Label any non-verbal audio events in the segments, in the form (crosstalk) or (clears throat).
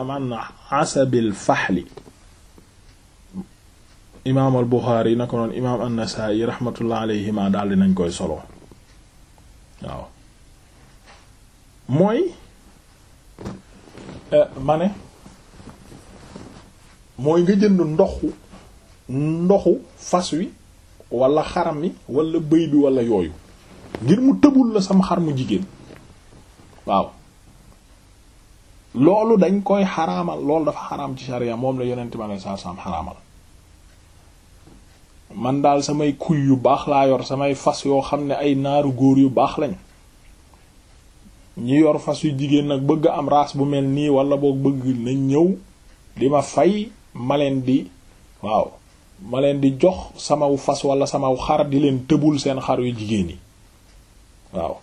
aman asabil faxli imaam al buxaari na nañ koy solo waaw mooy eh, ma nga jënd ndoxu ndoxu fas wi wala xaram mi wala bëy bi wala yooyu ngir mu tëbul la sama xar mu jigéen waaw loolu dañ koy xaraamal loolu dafa xaraam ci sharia moom la yonent ma lay saa saam xaraamal man daal samay kuy yu baax laa yor samay fas yoo xam ne ay naaru góor yu baax lañ ñi yor fas yu jigéen nag bëgg am raas bu mel nii wala boog bëgg nañ ñëw di ma fay ma leen di waaw ma leen di jox samaw fas wala samaw xar di leen tëbul seen xar yu jigéen yi waaw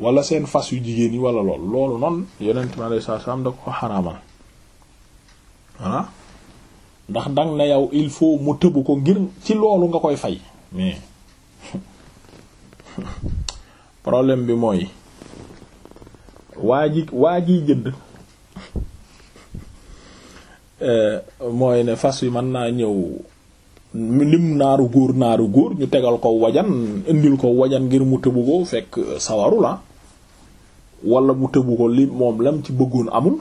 wala seen fas yu jigéen yi wala lool loolu noonu yonent mi alayhi salaam da ko xaraamal ah ndax dang na yow il faut mu tëbu ko ngir ci loolu nga koy fay mais (laughs) problème bi mooy waa ji waa jiy jënd (laughs) euh, mooy ne fas yi mën naa ñëw lim naaru góor naaru góor ñu tegal ko wajan indil ko wajan ngir mu tëbu ko fekk sawaru la ah. wala mu tëbu ko li moom lam ci bëggoon amul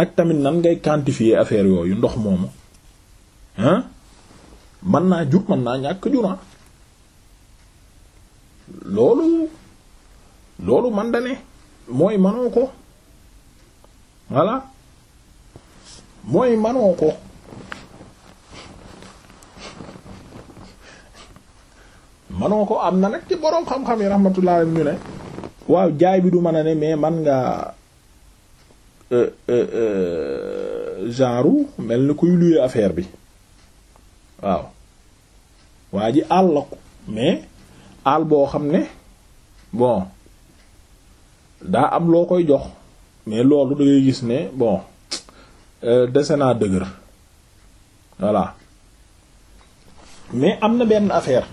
ak tamit nan ngay quantifier affaire yooyu ndox moomu hein mën naa jur mën naa ñàkk jura ah. loolu loolu man da mooy manoo ko voilà mooy manoo ko manoo ko am na nag ci boroom xam-xam yi rahmatullah ñu ne waaw jaay bi du man a ne mais man nga euh, euh, euh, genre mel na kuy luye affaire bi waaw waa ji àll la ko mais àll boo xam ne bon daa am loo koy jox mais loolu da gis ne bon dese naa dëgër voilà mais am na benn affaire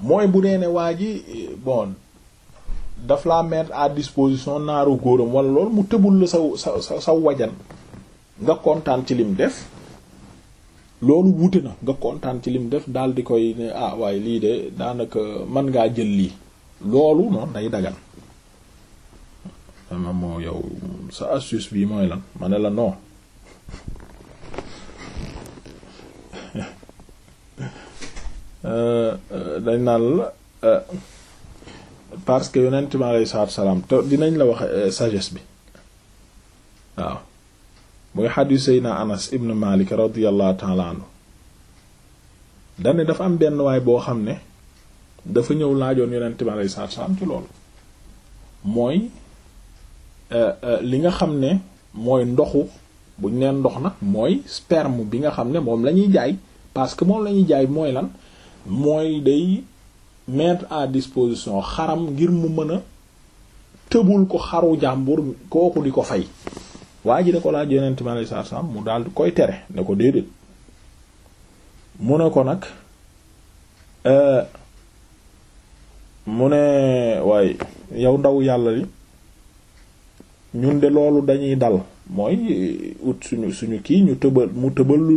mooy bu nee ne waa ji bon daf la mettre à disposition naaru góoram wala loolu mu tëbul la sa sa sa wajan nga kontaan ci lim def loolu wuute na nga kontaan ci lim def daal di koy ne ah waaye lii de daanaka man ngaa jël lii loolu noonu day dagan dama moo yow sa astuce bi mooy la ma la non (laughs) euh, euh, dañ naan euh, parce que yonent mi alayhi salaam te dinañ la wax euh, sagesse bi waaw muy xadiis na Anas ibn Malik radiyallahu ta'ala dane dafa am benn waay boo xam ne dafa ñëw laajoon yonent mi alayhi salaatu salaam ci loolu mooy euh, euh, li nga xam ne mooy ndoxu buñ neen ndox na mooy sperme bi nga xam ne moom la ñuy jaay parce que moom lañuy jaay mooy lan mooy day mettre à disposition xaram ngir mu mën a tëbul ko xaru jàmbur kooku di ko fay waa ji de ko laa yonent mi alayhi salaam mu daal di koy tere ne ko déedéet mu ne ko nag euh, mu ne waaye yow ndaw yàlla li ñun de loolu dañuy dal mooy ut suñu suñu kii ñu tëbal mu tëbalul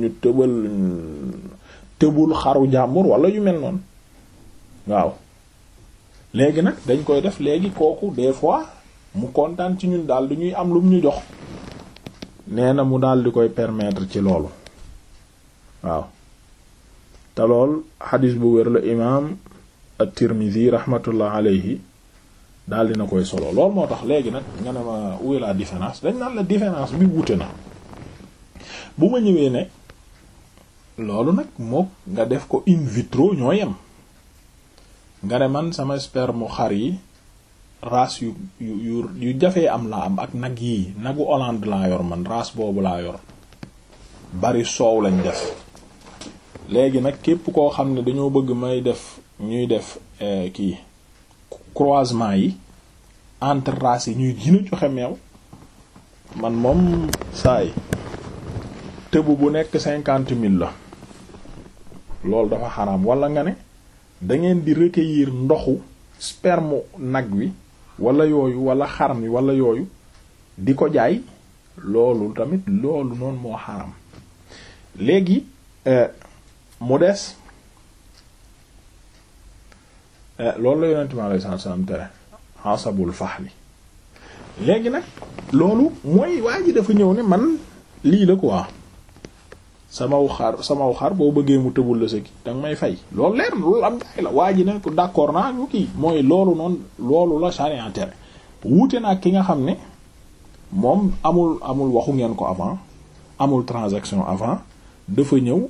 ñu tëbal tëbul xaru jàmbur wala yu mel noonu waaw léegi nag dañ koy def léegi kooku des fois mu kontaan ci ñun daal du ñuy am lu mu ñu jox nee na mu daal di koy permettre ci loolu waaw te lool xadis bu wër la imaam at-Tirmidhi rahmatullah alayhi daal na koy solo loolu moo tax léegi nag nga ne ma où la différence dañ naan la différence bi wute na bu ma ñëwee ne loolu nag mook nga def ko in vitro ñoo yem nga ne man sama sperme mu xar yi race yu yu yu yu jafee am laa am ak nag yii nagu Hollande laa yor man race boobu laa yor bari soow lañ def léegi nag képp koo xam ne dañoo bëgg may def ñuy def eh, kii croisement yi entre races yi ñuy gën a joxe meew man moom saay tëbu bu nekk cinquante mille la loolu dafa xaraam walla nga ne da ngeen di recueillir ndoxu sperme nag wi walla yooyu wala xar mi wala yooyu di ko jaay loolu tamit loolu noonu moo xaram léegi euh, mu des euh, loolu la yonent mi alayhi salaatu salaam tere asabul fahli léegi nag loolu mooy waa ji dafa ñëw ne man lii la quoi samaw xar samaw xar boo bëggee mu tëbul la sa gi danga may fay loolu leer loolu am gaay la waa ji ne ko d'accord naa mu kii mooy loolu noonu loolu la charia wuute naa ki nga xam ne moom amul amul waxu ngeen ko avant amul transaction avant dafa ñëw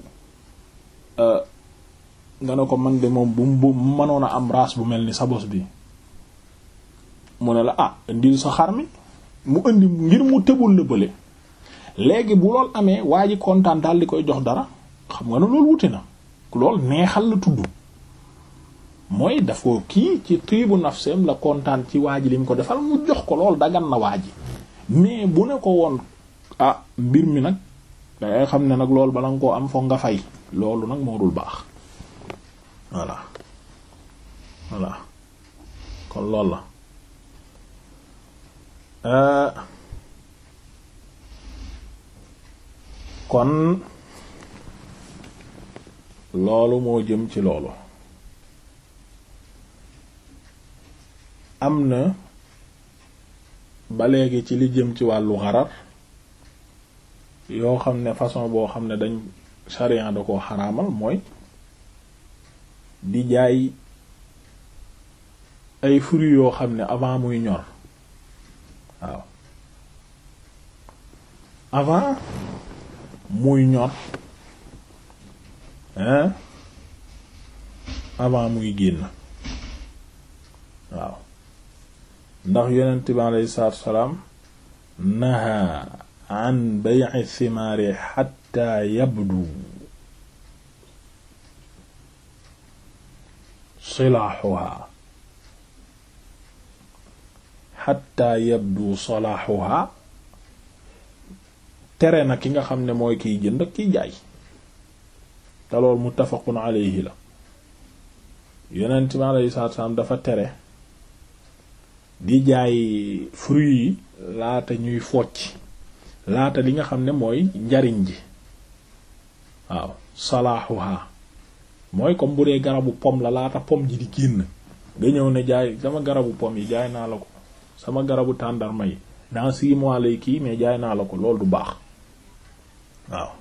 euh, nga ne ko man de moom bu bu mënoon a am race bu mel ni sa bos bi mu ne la ah indil sa xar mi mu indi ngir mu tëbul la bële léegi bu lool amee waa ji kontaan daal di koy jox dara xam nga ne loolu wuti na lool neexal la tudd mooy dafa kii ci tiibu nafseem la kontaan ci waa ji li ko defal mu jox ko lool dagan na waa ji mais bu ne ko woon a ah, mbir mi nag dangay xam ne nag loolu bala nga koo am foog nga fay loolu nag moo dul baax voilà voilà kon loolu la. Euh, kon loolu moo jëm ci loolu am na ba léegi ci li jëm ci wàllu xarar yoo xam ne façon boo xam ne dañ charian da ko xaraamal mooy di jaay ay fruits yoo xam ne avant muy ñor waaw avant muy ñor hein avant muy génn waaw ndax yonent bi alayhi salaam naha an bay'i thimaari hatta yabdu silaaxuha hatta yabdu salaaxuha tere na ki nga xam ne mooy kiy jënd ak kiy jaay te loolu muttafaqun alayhi la yeneen bi alayhi salaatu salaam dafa tere di jaay fruit yi laata ñuy focc laata li nga xam ne mooy njariñ ji waaw salaahuha mooy comme bu dee pom la laata ji di génn nga ñëw ne jaay sama garabu pom yi jaay naa la ko sama garabu tàndarma yi dans six mois kii mais jaay naa la ko loolu du baax waaw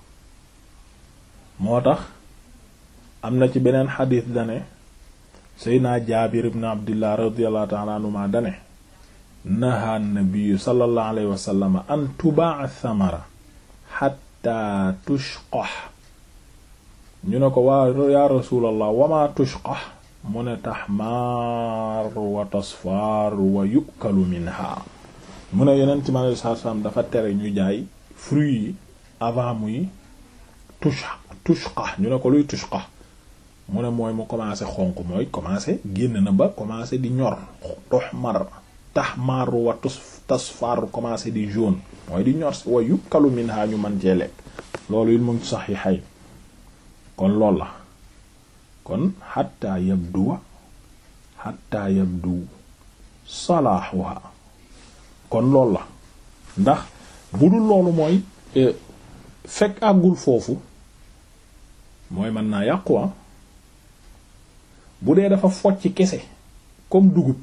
moo tax am na ci beneen xadis dane seydna jaabir ibn abdillah radiallahu taala anhuma dane naha nabiyu sallallahu alayhi wa sallam an tubaa thamara xatta tushqah ñu ne ko waa ya rasulallah wama tushqah mu ne taxmaar wa tasfaar wa yukalu minha mu ne yeneen ci ma dafa tere ñu jaay fruit yi avant muy tush tushqa ñu ne ko luy tushqa mu ne mooy mu commencé xonq mooy commencé génn na ba commencé di ñor toxmar taxmaru wa tus tasfaru commencé di jaune mooy di ñor si wa yukkalu minha ñu man cee lekk loolu it mu ngi sax yi xay kon loolu la kon xatta yabduwa xatta yabdu salaaxuha kon loolu la ndax bu dul loolu mooy eh, fekk àggul foofu mooy mën naa yàqu ah bu dee dafa focc kese comme dugub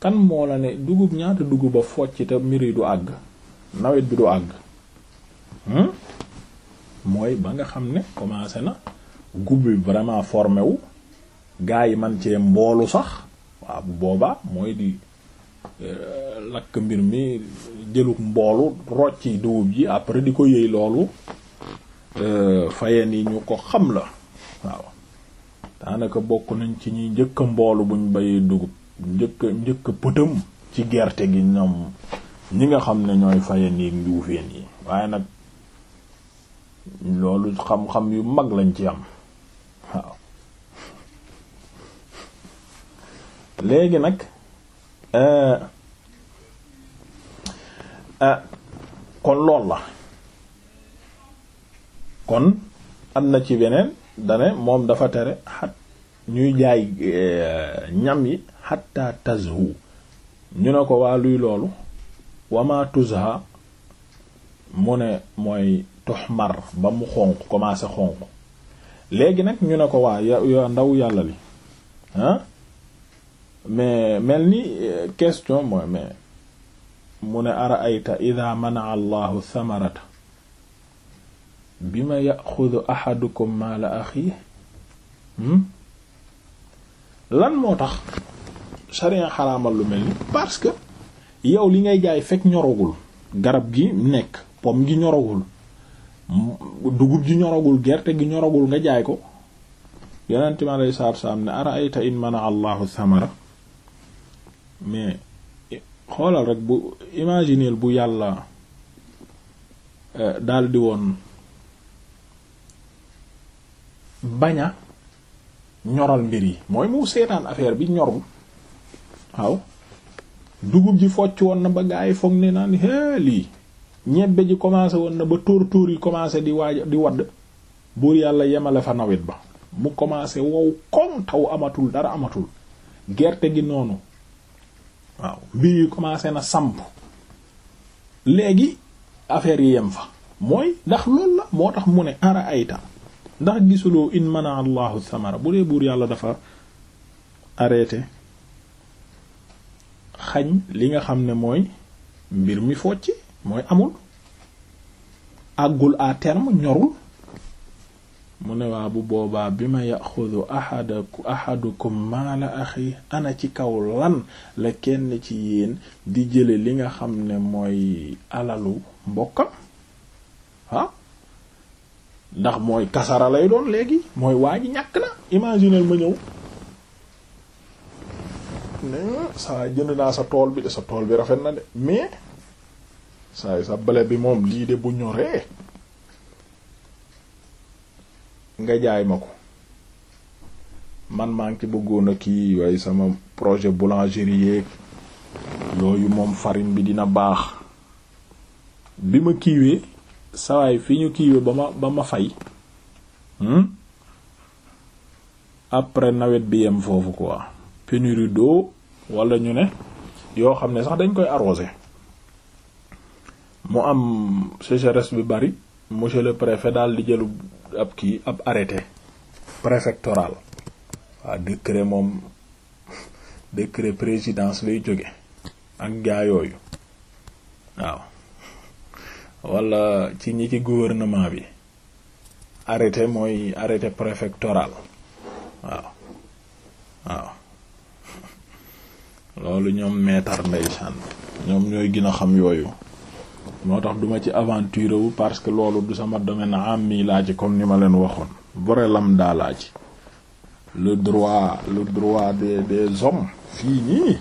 kan moo la ne dugub ñaata dugub a focc te mbir yi du àgg nawet bi du àgg hmm? mooy ba nga xam ne commencé na gub bi vraiment formé wu gaa yi man cee mboolu sax waaw bu boobaa mooy di Euh, lakk mbir mi jëluk mboolu rocci dugub ji après di ko yëy loolu euh, fayen yi ñu ko xam la waaw daanaka bokk nañ ci ñuy njëkk mboolu buñ bayee dugub njëkk njëkk pëtëm ci gerte gi ñoom ñi nga xam ne ñooy fayen yi njuufeen yi waaye nag loolu xam-xam yu mag lañ ci am waaw léegi nag Euh, euh, kon lool la kon am na ci weneen dane moom dafa tere xat ñuy jaay euh, ñam yi xatta tazhu ñu ne ko waa luy loolu wama tuzha mu ne mooy tuxmar ba mu xonq commencé xonq léegi nag ñu ne ko waa ya ndaw yàlla li mais mel ni euh, question mooy mais mu ne araayta ida manaa allahu thamarata bi ma yaxudu ahadukum maala axi hmm? lan moo tax sharia xaraamal lu mel ni parce que yow li ngay jaay fekk ñoragul garab gi nekk pom gi ñoragul dugub gi ñoragul gerte gi ñoragul nga jaay ko yonent mi alayhi salaatu wa salaam ne araayta in manaa allahu thamara mais xoolal rek bu imaginer bu yàlla euh, daldi woon baña ñoral mbir yi mooy mu seetaan affaire bi ñorul waaw dugub ji focc woon na ba gaa yi foog ne naan é lii ñebbe ji commencé woon na ba tóor tóor yi commencé di waaj di wadd buur yàlla yemale fa nawet ba mu commencé wow koŋ taw amatul dara amatul gerte gi noonu waaw mbir yi commencé na samp léegi affaire yi yem fa mooy ndax loolu la moo tax mu ne ara ayta ndax gisuloo in mana allahu samara bu dee buur yàlla dafa arrêté xañ li nga xam ne mooy mbir mi focc mooy amul àggul à terme ñorul mu ne waa bu boobaa bi ma yaxudu ahadukum maala axi ana ci kaw lan la kenn ci yéen di jële li nga xam ne mooy alalu mbokkam ah ndax mooy kasara lay doon léegi mooy waa ji ñàkk na imaginez ma ñëw ne saa jënd naa sa tool bi sa tool bi rafet na de mais saa sa blé bi moom lii de bu ñoree nga jaay ma ko man maa ngi ci bëggoon a kii waaye sama projet boulangerie yeeg yooyu moom farine bi dina baax bi ma kiiwee sawaay fi ñu kiiwee ba ma ba ma fay hmm? après nawet bi yem foofu quoi pénurie d'eau wala ñu ne yoo xam ne sax dañ koy arroser mu am sécheresse bi bari monsieur le préfet daal di jëlu ab kii ab arrêté préfectoral waaw décret moom décret présidence lay jóge ak gaa yooyu waaw wala ci ñi ci gouvernement bi arrêté mooy arrêté préfectoral waaw waaw loolu ñoom meetar ndeysaan ñoom ñooy gën a xam yooyu moo tax duma ci aventure wu parce que loolu du sama domaine am mi laa ci comme ni ma leen waxoon vrai lam laa ci le droit le droit des des hommes fii nii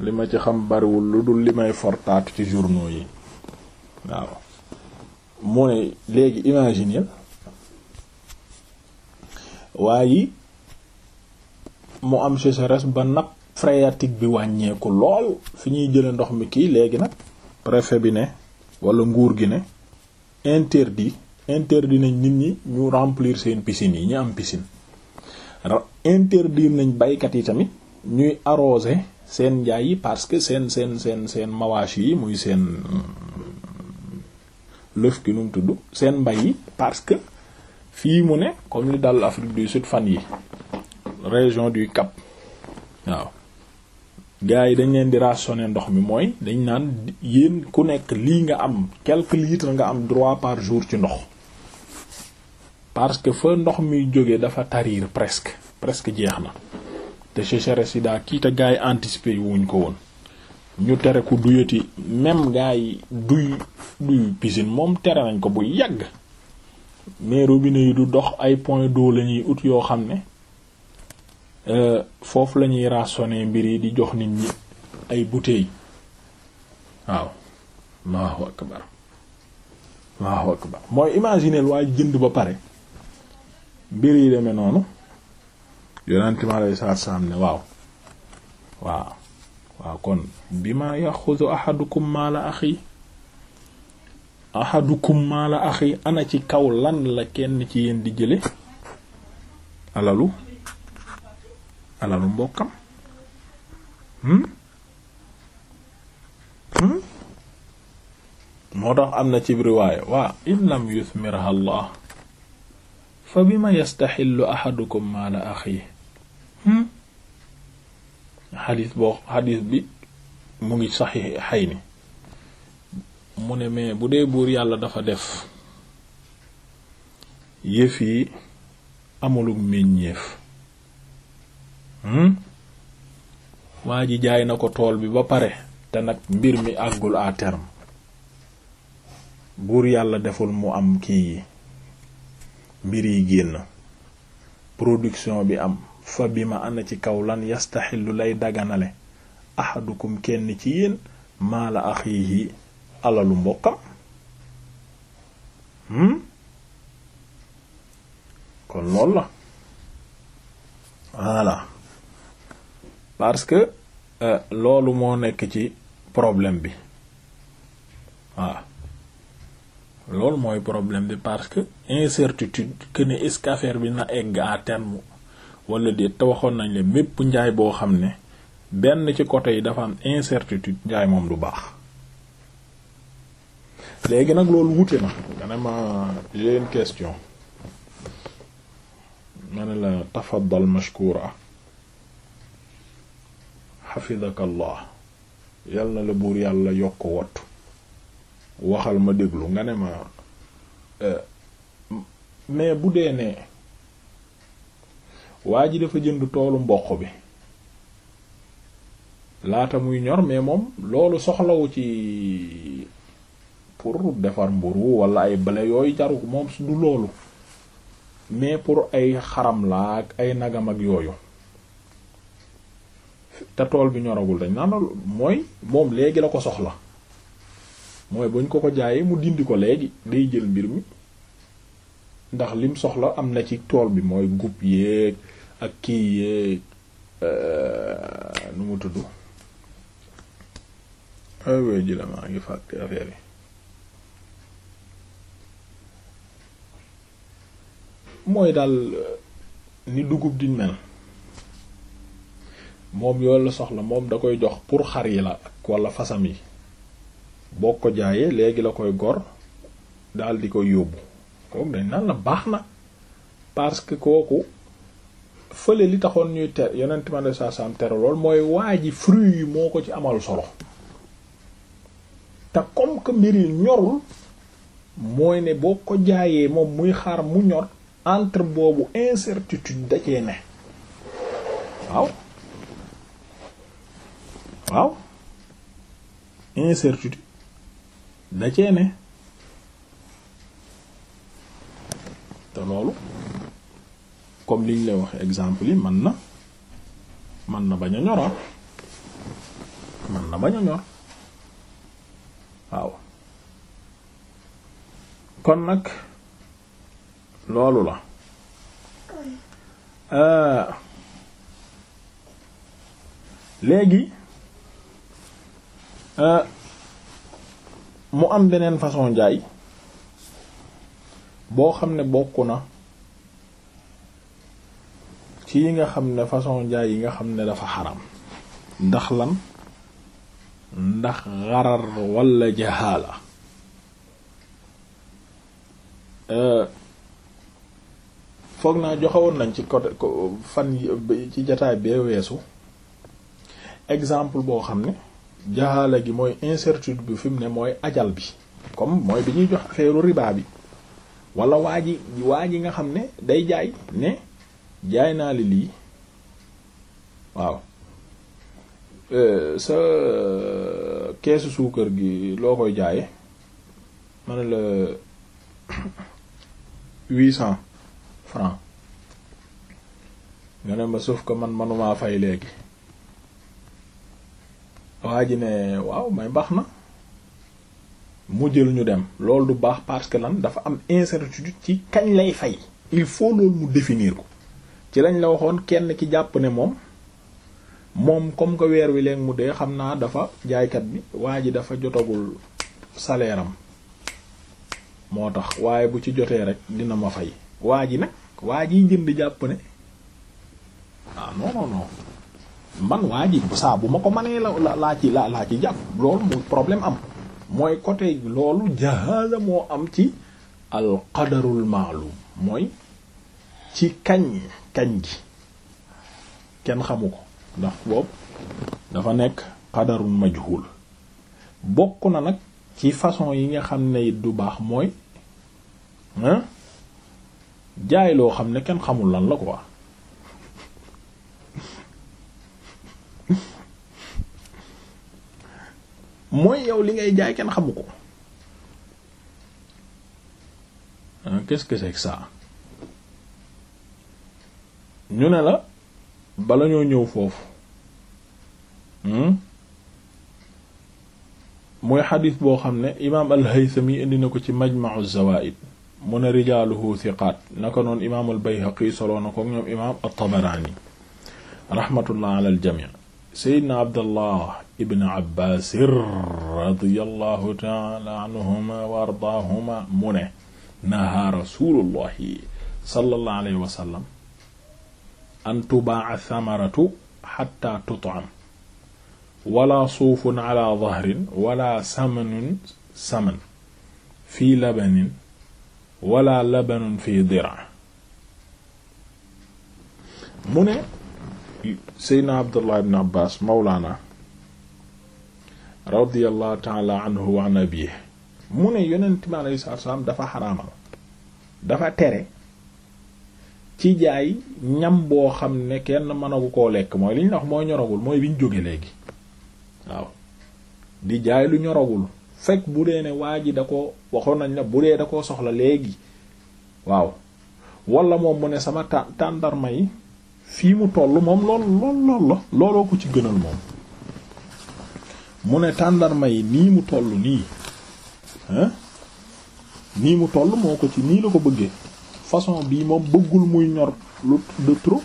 li ma ci xam bariwul lu dul li may fortaatu ci journaux yi waaw mu ne léegi imaginer waaye mu am sécheresse ba nag phréatique bi wàññeeku lool fi ñuy jële ndox mi kii léegi nag préfet bi ne wala nguur gi ne interdit interdit nañ nit ñi ñu remplier seen piscines yi ñu am piscine interdire nañ baykat yi tamit ñuy arroser seen njaay yi parce que seen seen seen seen mawaash yi muy seen euh, lëf ki nu mu tudd seen mbay yi parce que fii mu ne comme li dal Afrique du Sud fan yi région du Cap waaw gars yi dañ leen di rationner ndox mi mooy dañ naan yéen ku nekk lii nga am quelque litres nga am droit par jour ci ndox parce que fa ndox mi jóge dafa tarir presque presque jeex na te sécheresse yi daa kii te gars yi anticiper wuñ ko woon ñu tere ku duyati même gars yi duy duy piscine moom tere nañ ko bu yàgg mais robinet yi du dox ay point d'eau la ñuy ut yoo xam ne Euh, foofu lañuy rasone mbir yi di jox nit ñi ay bouteilles waaw Allahu akbar Allahu akbar mooy imaginer waa jënd ba pare mbir yi deme noonu yonent mi alayhi salaatu salaam ne waaw waaw waaw kon bi ma ahadukum maala axi ahadukum maala axi ana ci kaw lan la kenn ci yéen di jële alalu alalu mbokkam hmm? Hmm? moo tax am na ci riwaaya waa in lam allah fa bima yastaxillu ahadukum maala axiihi hmm? xadiis boo xadiis bi mu ngi saxi xay ni mu ne mais bu dee buur yàlla dafa def yëf yi meññeef Hmm? waa ji jaay na ko tool bi ba pare te nag mbir mi àggul à terme buur yàlla deful mu am kii yi mbir yi génn production bi am fa bi ma ana ci kaw lan yastaxillu lay daganale ahadukum kenn ci yéen maala axiihi alalu mbokkam hmm? kon loolu la voilà parce que euh, loolu moo nekk ci problème bi waaw loolu mooy problème bi parce que incertitude que ne bi na egg à terme wala déet te waxoon nañ le mépp njaay boo xam ne benn ci côté yi dafa am incertitude njaay moom du baax léegi nag loolu wute na nga ne ma question ma ne la tafaddal mashkura xafidaka allah yal na la buur yàlla yokk wattu waxal ma déglu nga ne ma euh, mais bu dee ne waa ji dafa jënd toolu mboq bi laata muy ñor mais moom loolu soxlawu ci pour defar mburu wala ay bale yooyu jaru moom du loolu mais pour ay xaram la ak ay nagam ak yooyu te tool bi ñoragul dañ naan mooy moom léegi la ko soxla mooy buñ ko ko jaayee mu dindi ko léegi day jël mbir mi ndax lim soxla am na ci tool bi mooy gub yeeg ak kii yeeg euh, nu mu tudd aywa ji la maa ngi fàtte affaire yi. mooy daal euh, ni dugub di mel. moom yooyu la soxla moom da koy jox pour xar yi la wala fasam yi boo ko jaayee léegi la koy gor daal di koy yóbbu kooku dañ naan baax na parce que kooku fële li taxoon ñuy ter yonent lool mooy waa ji fruit yi moo ko ci amal solo te comme que mbir yi ñorul mooy ne boo ko jaayee moom muy xaar mu ñor entre boobu incertitude da cee ne waaw. waaw incertitude da cee ne te loolu comme liñ lay wax exemple yi man na mën na bañ a ñoraa ah. mën na bañ a ñor waaw kon nag loolu la euh, léegi Euh, mu am beneen façon njaay boo xam ne bokk na ci yi nga xam ne façon njaay yi nga xam ne dafa xaram ndax lan ndax xarar walla jahaala euh, foog naa joxewoon nañ ci côté fan ci jataay bee weesu exemple boo xam ne jaxaala gi mooy incertitude bi fi mu ne mooy ajal bi comme mooy bi ñuy jox affaire riba bi walla waa ji waa ji nga xam ne day jaay ne jaay naa li lii waaw euh, sa keesu suukar gi loo koy jaaye ma la huit cents francs nga ne ma sauf ko man manumaa fay léegi waa ji ne waaw may baax na mu jël ñu dem loolu du baax parce que lan dafa am incertitude ci kañ lay fay il faut loolu mu définir ko ci lañ la waxoon kenn ki jàpp ne moom moom comme que weer wi leen mu dee xam naa dafa jaaykat bi waa ji dafa jotagul saleeram moo tax waaye bu ci jotee rek dina ma fay waa ji nag waa jiy jënd jàpp ne ah non man waa ji saa bu ma ko mënee la laa ci laa laa ci jàpp loolu mu problème am mooy côté loolu jahaza moo am ci al qadarul maalum mooy ci kañ kañ gi kenn xamu ko ndax boobu dafa nekk qadarul majhul bokk na nag ci façon yi nga xam ne du baax mooy jaay loo xam ne kenn xamul lan la quoi mooy yow li ngay jaay kenn xamu ko qu'est-ce que ñu ne la bala ñoo ñëw foofu hmm, mooy xadis boo xam ne imaam al-Haythami indi na ko ci Majma'u Zawaa'id mu ne rijaaluhu thiqaat naka noonu imaam al-Bayhaqi soloo na ko ñoom imaam at-Tabarani rahmatullah ala al-jamii seydna abdallah ibn abbaasir radiallahu taala anhuma wa ardaahuma mu ne naha rasuluullahi sallallahu alayhi wa sallam an tubaa thamaratu xatta tutam wala suufun ala dahrin wala samanun saman fii labanin wala labanun fii dira mu ne seydna abdullah ibn abbas mawlaana radiallahu taala anhu wa mu ne yonent bi alayhi salaatu dafa xaraamal dafa tere ci jaay ñam boo xam ne kenn mënagu ko lekk mooy li ñu wax mooy ñoragul mooy bi ñu jóge léegi waaw di jaay lu ñoragul fekk bu dee ne waa ji da ko waxoon nañ la bu dee da koo soxla léegi waaw wala moom mu ne sama tàndarma yi fii mu toll moom lool lool lool la looloo ko ci gënal moom mu ne tàndarma yi nii mu toll nii hein nii mu toll moo ko ci nii la ko bëggee façon bii moom bëggul muy ñor lu de trop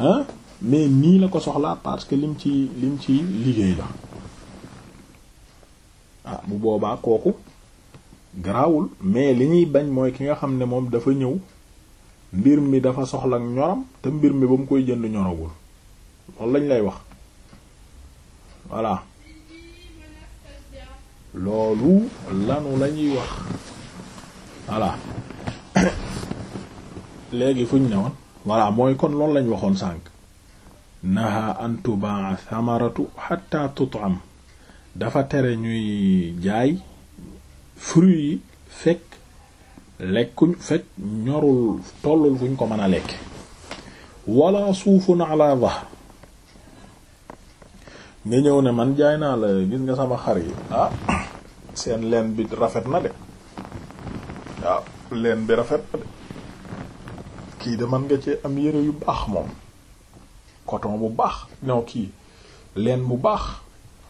hein mais nii la ko soxlaa parce que lim ci lim ci liggéey la ah bu boobaa kooku garaawul mais li ñuy bañ mooy ki nga xam ne moom dafa ñëw mbir mi dafa soxla ak ñoram te mbir mi ba mu koy jënd ñoragul loolu lañ lay wax voilà loolu lanu la ñuy wax voilà (coughs) léegi fuñ ne woon voilà mooy kon loolu lañ waxoon sànk naha an samaratu thamaratu hatta dafa tere ñuy jaay fruit yi fekk lekkuñ fekk ñorul tollul fuñ ko mën a lekk wala suufun ala zahr nga ñëw ne man jaay naa la gis nga sama xar yi ah seen leen bi rafet na de waaw ah, leen bi rafet na de kii de man nga ci am yére yu baax moom coton bu baax non kii leen bu baax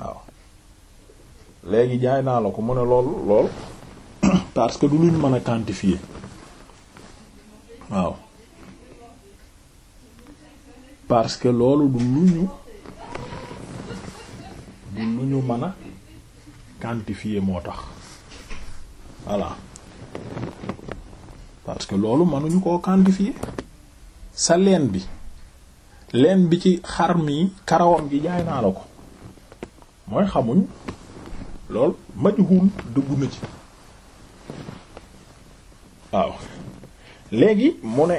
waaw léegi jaay naa la ko mu ne lool lool (coughs) parce que du mën a quantifier waaw parce que loolu du luñu du luñu mën a quantifier moo tax voilà parce que loolu mënuñu koo quantifier sa leen bi leen bi ci xar mi karawoon gi jaay naa la ko mooy xamuñ lool majhul dugg na ci waaw léegi mu ne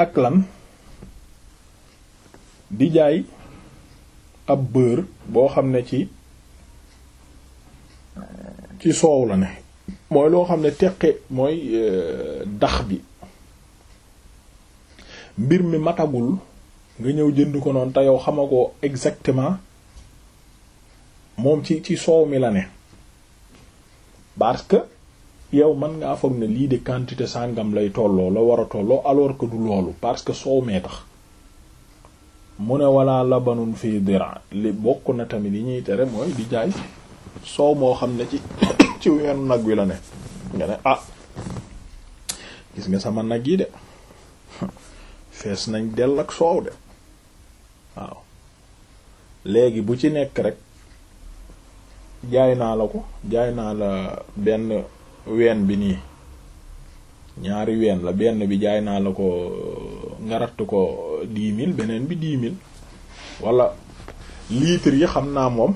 ak lan di jaay ab beurre boo xam ne ci ci soow la ne mooy loo xam ne teqe mooy euh, dax bi mbir mi matagul nga ñëw jënd ko noon te yow xama ko exactement moom ci ci soow mi la ne parce que yow man ngaa foog ne lii de quantité sàngam lay tolloo la war tolloo alors que loolu parce que soow mee tax mu ne wala labanun fii dira li bokk na tamit yi ñuy tere mooy di jaay soow moo xam ne ci (coughs) ci nag wi la ne nga ne ah gis nga sama nag yi de (laughs) fees nañ dell ak soow de waaw léegi bu ci nekk rek jaay naa la ko jaay naa la benn ween bi nii ñaari ween la benn bi jaay naa la ko ngaratu ko dix mille beneen bi dix mille wala litre yi xam naa moom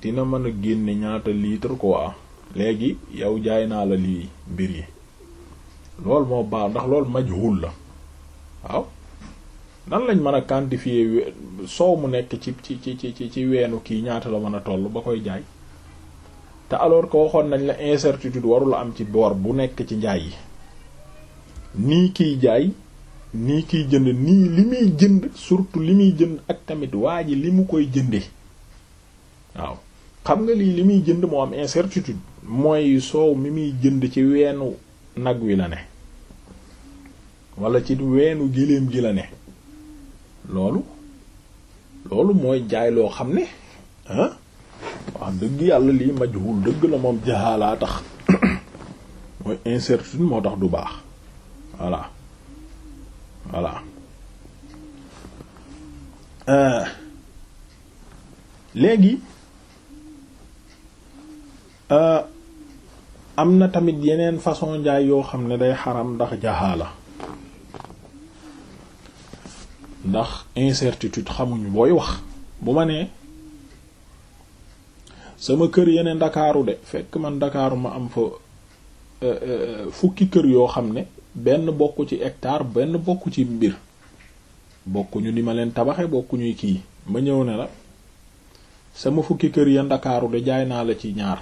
dina mën a génne ñaata litre quoi léegi yow jaay naa la lii mbir yi loolu moo baax ndax loolu majhul la waaw nan lañ mën a quantifier soow mu nekk ci ci ci ci ci weenu kii ñaata la mën a toll ba koy jaay te alors que waxoon nañ la incertitude warul am ci boor bu nekk ci njaay yi nii kiy jaay nii kiy jënd nii li muy jënd surtout li muy jënd ak tamit waa ji li mu koy jënde waaw xam nga lii li muy jënd moo am insertitude mooy soow mi muy jënd ci weenu nag wi la ne wala ci weenu géléem gi la ne loolu loolu mooy jaay loo xam ne ah waaw dëgg yàlla lii majhul dëgg la moom jaxaalaa tax (coughs) mooy incertitude moo tax du baax voilà voilà euh, léegi euh, am na tamit yeneen façon njaay yoo xam ne day xaram ndax jaxaala ndax incertitude xamuñu booy wax bu ma nee sama kër yeneen ndakaaru de fekk man ndakaaru ma am fa eh, eh, fukki kër yoo xam ne benn bokk ci hectare benn bokk ci mbir bokkuñu ni ma leen tabaxe bokkuñuy kii ma ñëw ne la sama fukki kër ya ndakaaru de jaay naa la ci ñaar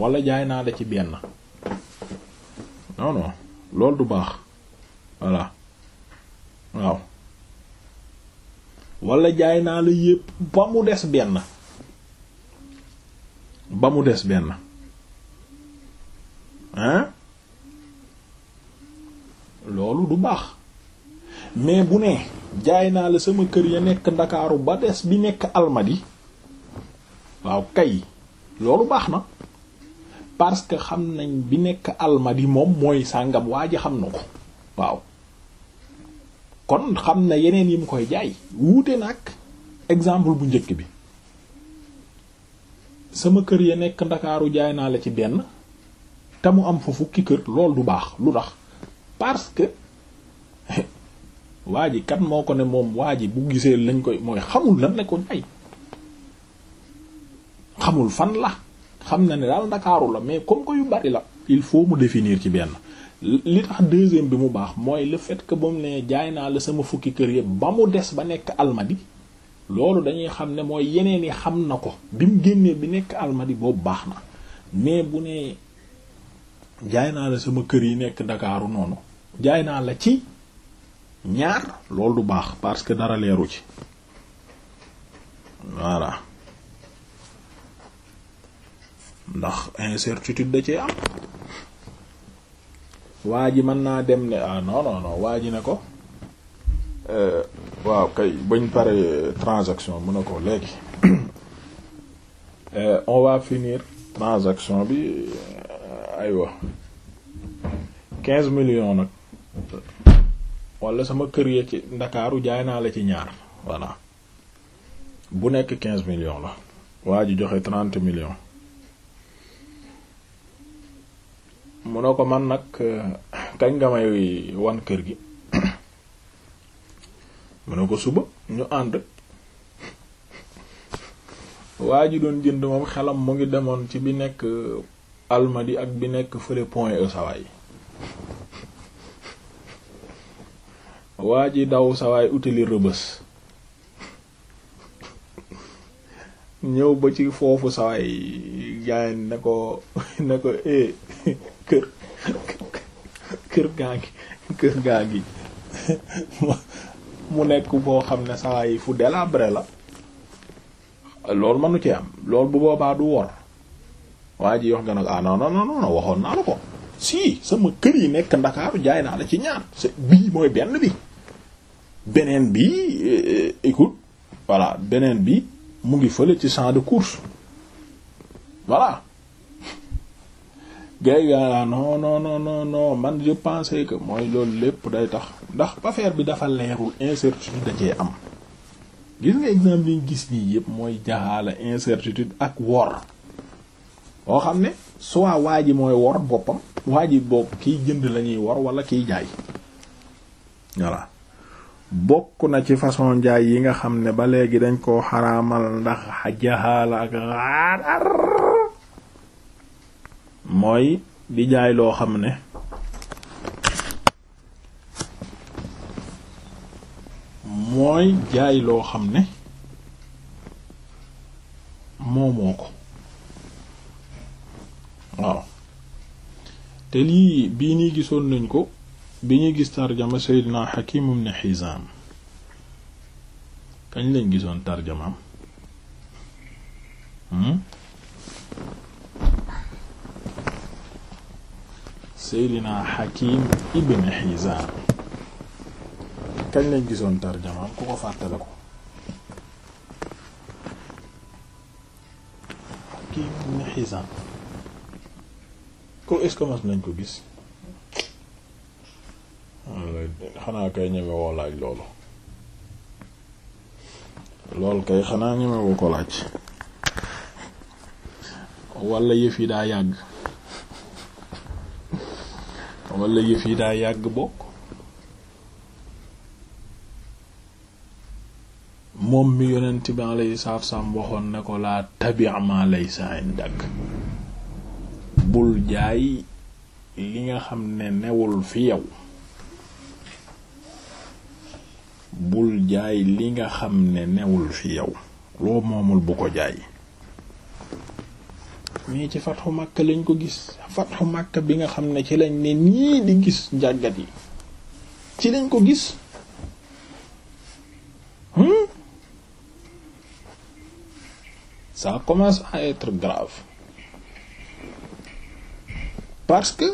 wala jaay naa la ci benn non non du baax voilà waaw wala jaay naa la yépp ba mu des benn ba mu des benn loolu du baax mais bu ne jaay naa la sama kër ya nekk ndakaaru ba des bi nekk almadi waaw kay loolu baax na parce que xam nañ bi nekk almadi moom mooy sàngam waa ji xam na ko waaw kon xam na yeneen yi mu koy jaay wuute nag exemple bu njëkk bi sama kër ya nekk ndakaaru jaay naa la ci benn te mu am fa fukki kër lool du baax lu tax parce que (laughs) waa ji kat moo ko ne moom waa ji bu gisee lañ koy mooy xamul lan la ko jaay xamul fan la xam na ne daal ndakaaru la mais comme ko yu bari la il faut mu définir ci benn li tax deuxième bi mu baax mooy le fait que ba mu ne jaay naa la sama fukki kër yëpp ba mu des ba nekk almadi loolu dañuy xam ne mooy yeneen yi xam na ko bi mu génnee bi nekk almadi boobu baax na mais bu nee jaay naa la sama kër yi nekk ndakaaru noonu jaay naa la ci ñaar loolu du baax parce que dara leeru ci voilà ndax incertitude da cee am waa ji mën naa dem ne ah non non waa ji ne ko Euh, waaw kay bañ pare transaction mun na ko léegi (coughs) euh, on va finir transaction bi euh, aywa quinze millions nag wala sama kër ya ci ndakaaru jaay naa la ci ñaar voilà bu nekk quinze millions la waa ji joxe trente millions mu ne ko man nag kañ nga may wan kër gi mu ne ko suba ñu ànd waa ji doon jënd moom xelam mu ngi demoon ci bi nekk almadi ak bi nekk fële point e sawaay waa ji daw sawaay utali rëbës ñëw ba ci foofu sawaay gaayen ne ko ne ko eh kër kër gaa ngi kër gaa ngi mu nekk boo xam ne saa yi fu délabré la loolu mënu ci am loolu bu boobaa du wor waa ji wax nga nag ah non non non waxoon naa la ko si sama kër yi nekk ndakaaru jaay naa la ci ñaar bii mooy benn euh, euh, beneen bi mu ngi fële ci champ de course voilà gay ah, man je pensais que mooy loolu lépp day tax ndax affaire bi dafa leerul incertitude da cee am gis nga exemple yi gis nii yëpp mooy jaxaala incertitude ak wor boo xam ne soit waa ji mooy wor boppam waa ji bopp kiy jënd lañuy ñuy wor wala kiy jaay voilà bokk na ci façon njaay yi nga xam ne ba léegi dañ koo xaraamal ndax jaxaala ak xaadar mooy di jaay loo xam ne mooy jaay loo xam ne moomoo ko waaw te lii bii nii gisoon nañ ko bi ñuy gis tarjama Seydina Hakim ibn Hizam kañ lañ gisoon tarjamaam hmm? Seydina Hakim ibn Hizam kañ lañ gisoon tarjamaam ku ko fàttale ko Hakim ibn Hizam ko est-ce nañ ko gis xanaa kay ñemewoo laaj loolu lool kay xanaa ñemewu ko laaj walla yëf yi daa yàgg walla yëf yi daa yàgg bokk moom mi yonent bi alayhi salaatu wassalaam waxoon ne ko laa tabi' ma laysa indak bul jaay li nga xam ne newul fi yow bul jaay li nga xam ne newul fi yow loo moomul bu ko jaay mais ci fatxu Makka lañ ko gis fatxu Makka bi nga xam ne ci lañ ne ñii di gis njàggat yi ci lañ ko gis hmm? ça commence à être grave parce que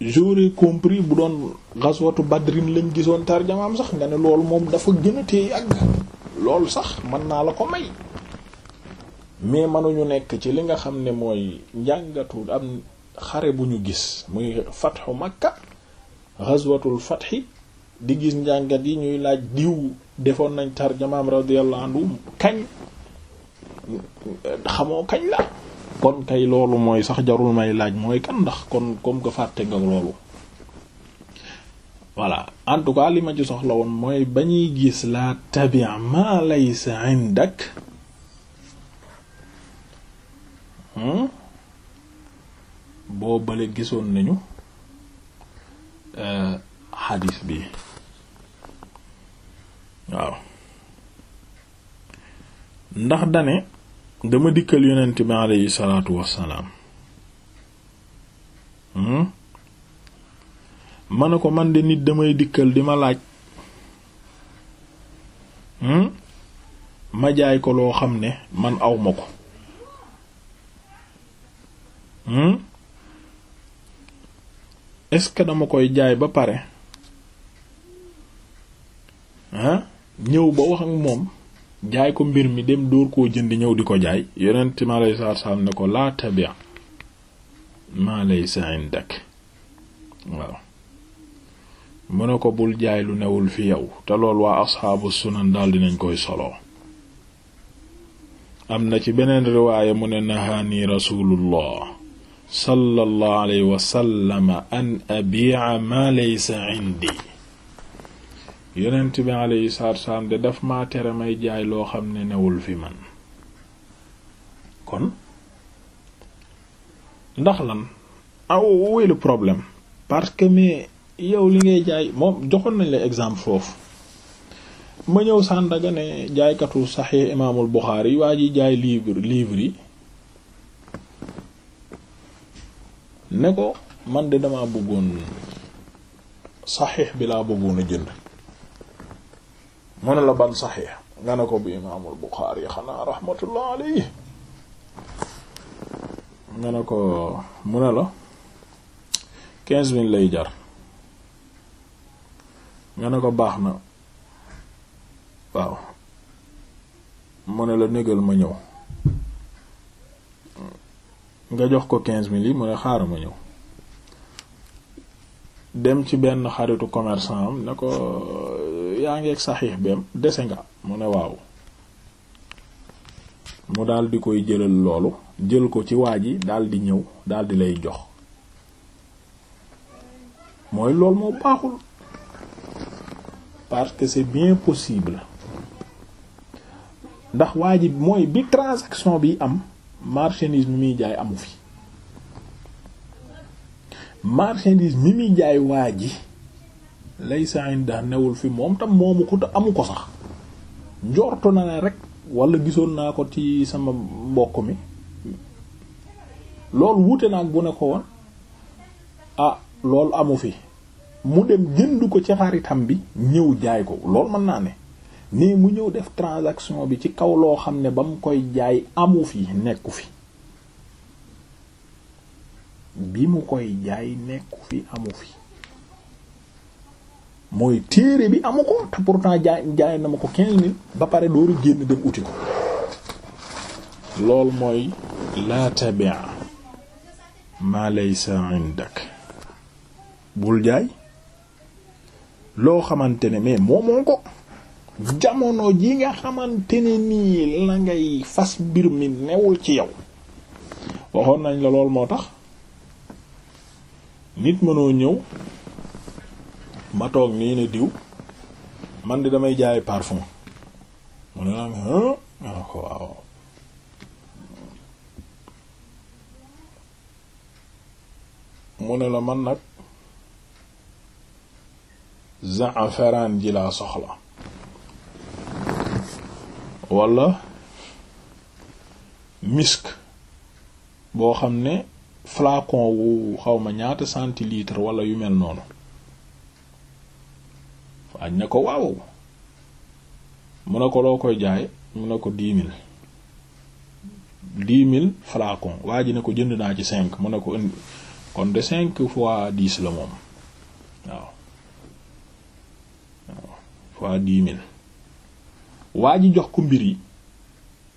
j'aurais compris bu doon gaswatu badrin lañ gisoon tarjamaam sax nga ne loolu moom dafa gën a yàgg loolu sax mën naa la ko may mais ñu nekk ci li nga xam ne mooy njàngatu am xare bu ñu gis muy fatxu makka gaswatul fatxi di gis njàngat yi ñuy laaj diw defoon nañ tarjamaam radiyallahu kañ xamoo kañ la kon kay loolu mooy sax jarul may laaj mooy kan ndax kon comme que fàtte nga loolu voilà en tout cas li ma ci soxla woon mooy ba ñuy gis laa tabia lay laysa indak hmm? boo bale gisoon nañu xadiis euh, bi waaw ndax dane dama dikkal yonent bi aleyhi salaatu wassalaam hmm? ma ne ko man de nit damay dikkal di ma laaj hmm? ma jaay ko loo xam ne man aw ma ko hmm? est-ce que dama koy jaay ba pare ah ñëw ba wax ak moom jaay ko mbir mi dem dóor ko jënd ñëw di ko jaay yonent mi alayhi salaatu salaam ne ko laa tabi maa laysa indak waaw mu ne ko bul jaay lu newul fi yow te lool waa asxaabu sunan daal dinañ koy solo am na ci beneen riwaaya mu ne nahaani rasulullah sallallahu alayhi wa an abi'a ma laysa indi yonent bi alayhi salaatu salaam de daf maa tere may jaay loo xam ne newul fi man kon ndax lan aw problème parce que mais yow li ngay jaay moom joxoon nañ la exemple foofu ma ñëw Sandaga ne jaaykatu Sahih Imaamul Bukhari waa ji jaay livre livre yi ne ko man de damaa bëggoon Sahih bi laa bëggoon a jënd mu ne la ban saxiix nga ne ko bu imaamul Buxaari xanaa rahmatullah alayhi nga ne ko mu ne la quinze mille lay jar nga ne ko baax na waaw mu ne la négal ma ñëw nga jox ko quinze mille yi mu ne xaaral ma ñëw dem ci benn xaritu commerçant am na ko yaa ngeeg saxiix bem dese nga mu ne waaw mu dal di koy jëlal loolu jël ko ci waa ji daal di ñëw daal di lay jox mooy loolu moo baaxul parce que c'est bien possible ndax waa ji mooy bi transaction bi am marchandise mi jaay amu fi marchandise mi muy jaay waa ji laysa inda newul fi moom tam moomu ko te amu ko sax njortu na ne rek wala gisoon naa ko ci sama mbokk mi loolu wuute naag bu ne ko woon a ah, loolu amu fi mu dem jënd ko ci xaritam bi ñëw jaay ko lool mën naa ne nii mu ñëw def transaction bi ci kaw loo xam ne ba koy jaay amu fi nekku fi bi mu koy jaay nekku fi amu fi mooy téere bi amu ko te pourtant jaay jaay na ma ko quinze mille ba pare dooru génn dem uti ko lool mooy laa tabia maa laysa indak bul jaay loo xamante ne mais moomoo ko jamono ji nga xamante ne nii la ngay fas mbir mi newul ci yow waxoon nañ la lool moo tax nit mënoo ñëw ma toog nii ne diw man di damay jaay parfum mu ne la man nag za'afaraan ji laa soxla walla misk boo xam ne flacon wu xawma ñaata centilitre wala yu mel noonu añ na ko waaw mu ne ko loo koy jaay mu ne ko dix mille dix mille flacon waa ji ne ko jënd naa ci cinq mu ne ko indi kon de cinq fois dix la moom waaw waaw fois dix waa ji jox ko mbir yi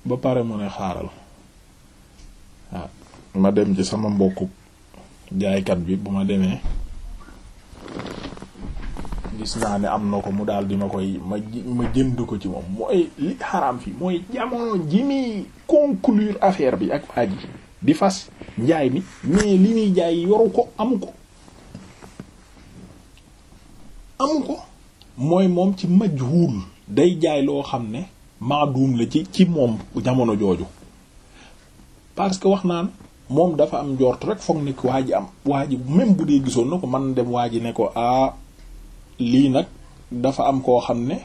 ba pare mu ne xaaral waaw ma dem ci sama mbokku jaaykat bi bu ma demee gis naa ne am na ko mu daal di ma koy ma jënd ko ci moom mooy li xaraam fi mooy jamono ji muy conclure affaire bi ak waa ji di fas njaay mi mais li muy jaay yoru ko amu ko amu ko mooy moom ci majhul day jaay loo xam ne maaduum la ci ci moom jamono jooju parce que wax naan moom dafa am njort rek foog ni waa ji am waa ji même bu dee gisoo na ko man dem waa ji ne ko ah lii nag dafa am koo xam ne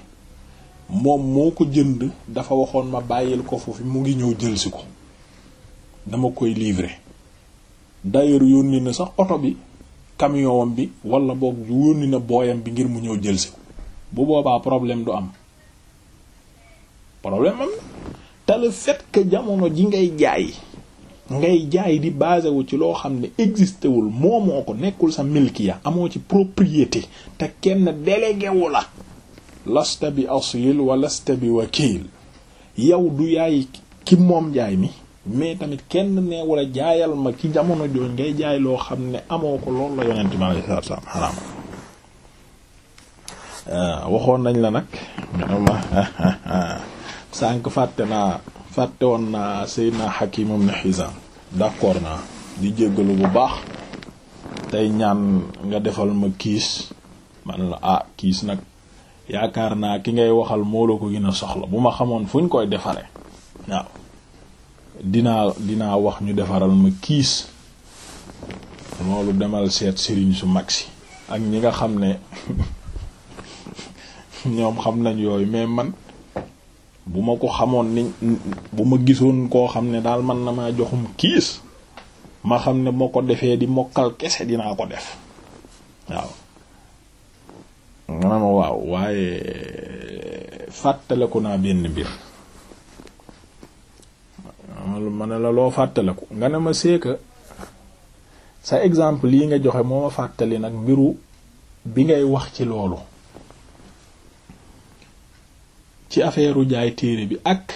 moom moo ko jënd dafa waxoon ma bàyyil ko foofu mu ngi ñëw jëlsi ko dama koy livre d'ailleurs yónni sax oto bi camion bi wala boog yónni na booyam bi ngir mu ñëw jëlsi ko bu boobaa problème du am problème am te le jamono ji ngay jaay ngay jaay di basé wu ci loo xam ne existé wul moomoo ko nekkul sa milkiya amoo ci propriété te kenn délégué wu la lasta bi asil wa lasta bi wakil yow du yaay ki moom njaay mi mais tamit kenn ne wala jaayal ma ci jamono jooñ ngay jaay loo xam ne amoo ko loolu la yonent mi alayhi ah, waxoon nañ la nag ma (laughs) fàtte naa fàtte woon naa Seydina Hakim ibn Hizam d'accord naa di jéggalu bu baax tey ñaan nga defal ma kiis man la ah kiis nag yaakaar naa ki ngay waxal moo la ko gën a soxla bu ma xamoon fu ñu koy defaree waaw dinaa dinaa wax ñu defaral ma kiis loolu demal seet sëriñ su mag si ak ñi nga xam ne (laughs) ñoom xam nañ yooyu mais man bu ma ko xamoon ni bu ma gisoon koo xam ne daal man na maa joxum kiis ma xam ne moo ko defee di mokkal kese dinaa ko def waaw manama waaw waaye fàttaleku naa benn mbir ma ne la loo fàttaleku nga ne ma seeka sa exemple yi nga joxe moo ma fàttali nag mbiru bi ngay wax ci loolu ci affaire jaay téere bi ak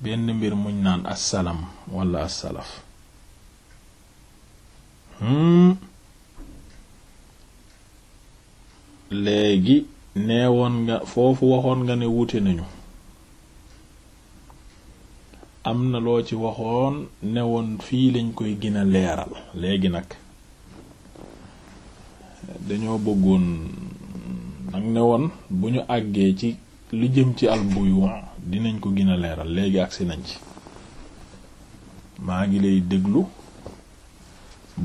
benn mbir muñ naan assalam wala assalaf hmm. léegi neewoon nga foofu waxoon nga ne wuute nañu am na loo ci waxoon ne woon fii lañ koy gën a leeral léegi nag dañoo bëggoon nag ne woon bu ñu àggee ci lu jëm ci albuyu dinañ ko gën a leeral léegi agsi nañ ci maa ngi lay déglu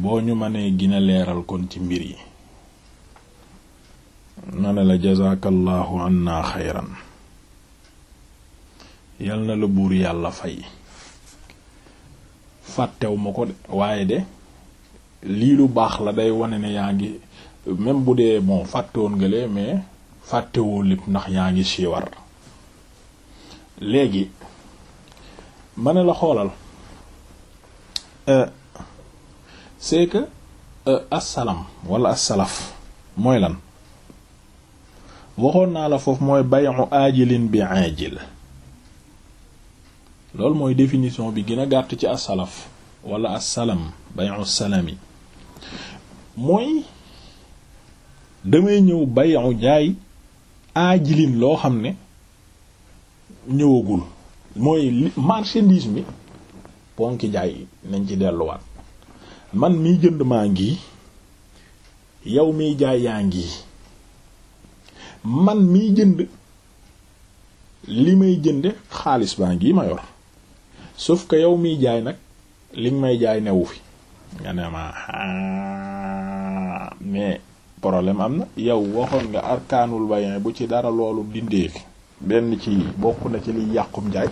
boo ñu mënee gën a leeral kon ci mbir yi ma ne la jazakallahu anna xayran yal na la buur yàlla fay fàttew ma ko de waaye de lii lu baax la day wone ne yaa ngi même bu dee bon fàtte woon nga lee mais fàttewoo lépp ndax yaa ngi siiwar léegi ma ne la xoolal euh, c'est que euh, assalam wala assalaf mooy lan waxoon naa la foofu mooy bay'u ajilin bi ajil loolu mooy définition bi gën a gàtt ci assalaf wala assalam bay'u salami mooy damay ñëw bayu jaay aajilin loo xam ne ñëwagul mooy marchandise mi ponki jaay nañ ci delluwaat man miy jënd maa ngi yow miy jaay yaa ngi man miy jënd li may jënde xaalis baa ngi ma yor sauf que yow miy jaay nag li may jaay newu fi nga ne ma mais problème am na yow waxoon nga arkaanul bayin bu ci dara loolu dindee fi benn ci bokk na ci liy yàqum njaay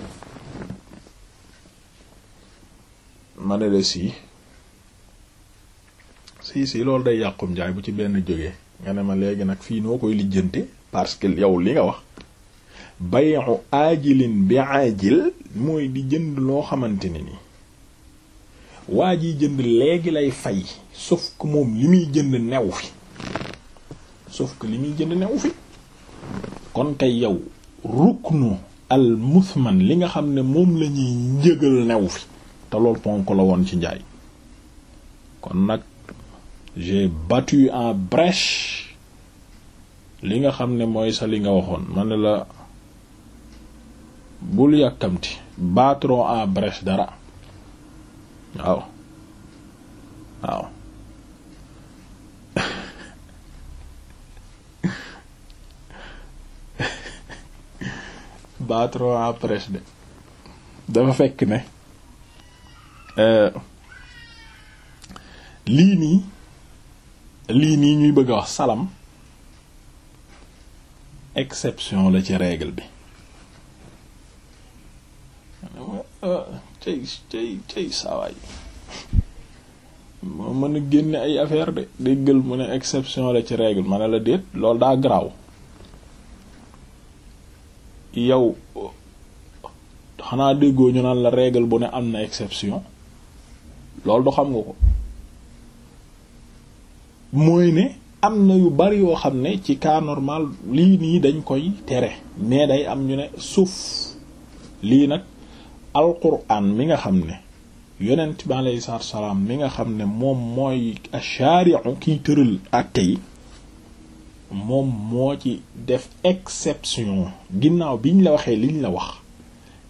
ma ne la si si si loolu day yàqum njaay bu ci benn jógee nga ne ma léegi nag fii noo koy lijjante parce que yow li nga wax bayu aajilin bi aajil mooy di jënd loo xamante ne nii waa ji jënd léegi lay fay sauf que moom li muy jënd new fi sauf que li muy jënd newu fi kon kay yow ruknu al musman li nga xam ne moom la ñuy njëgal new fi te ponk la woon ci njaay kon nag j'ai battu en brèche li nga xam ne mooy sa li nga waxoon ma ne la bul yàkkamti battre en brèche dara waaw waaw battre en presse de dafa fekk ne euh, lii nii lii nii ñuy bëgg a wax salam exception la ci régle bi euh, cay moo mën a génne ay affaire de déggal mu ne exception la ci régle ma ne la déet lool daa garaaw yow xanaa déggoo ñu naan la règle bu ne am na exception loolu du xam nga ko mooy ne am na yu bari yoo xam ne ci cas normal lii nii dañ koy tere mais day am ñu ne suuf lii nag alquran mi nga xam ne yonent bi aleyhi salaatu salaam mi nga xam ne moom mooy ashari'u kiy tëral àtte yi moom moo ci def exception ginnaaw biñ la waxee liñ la wax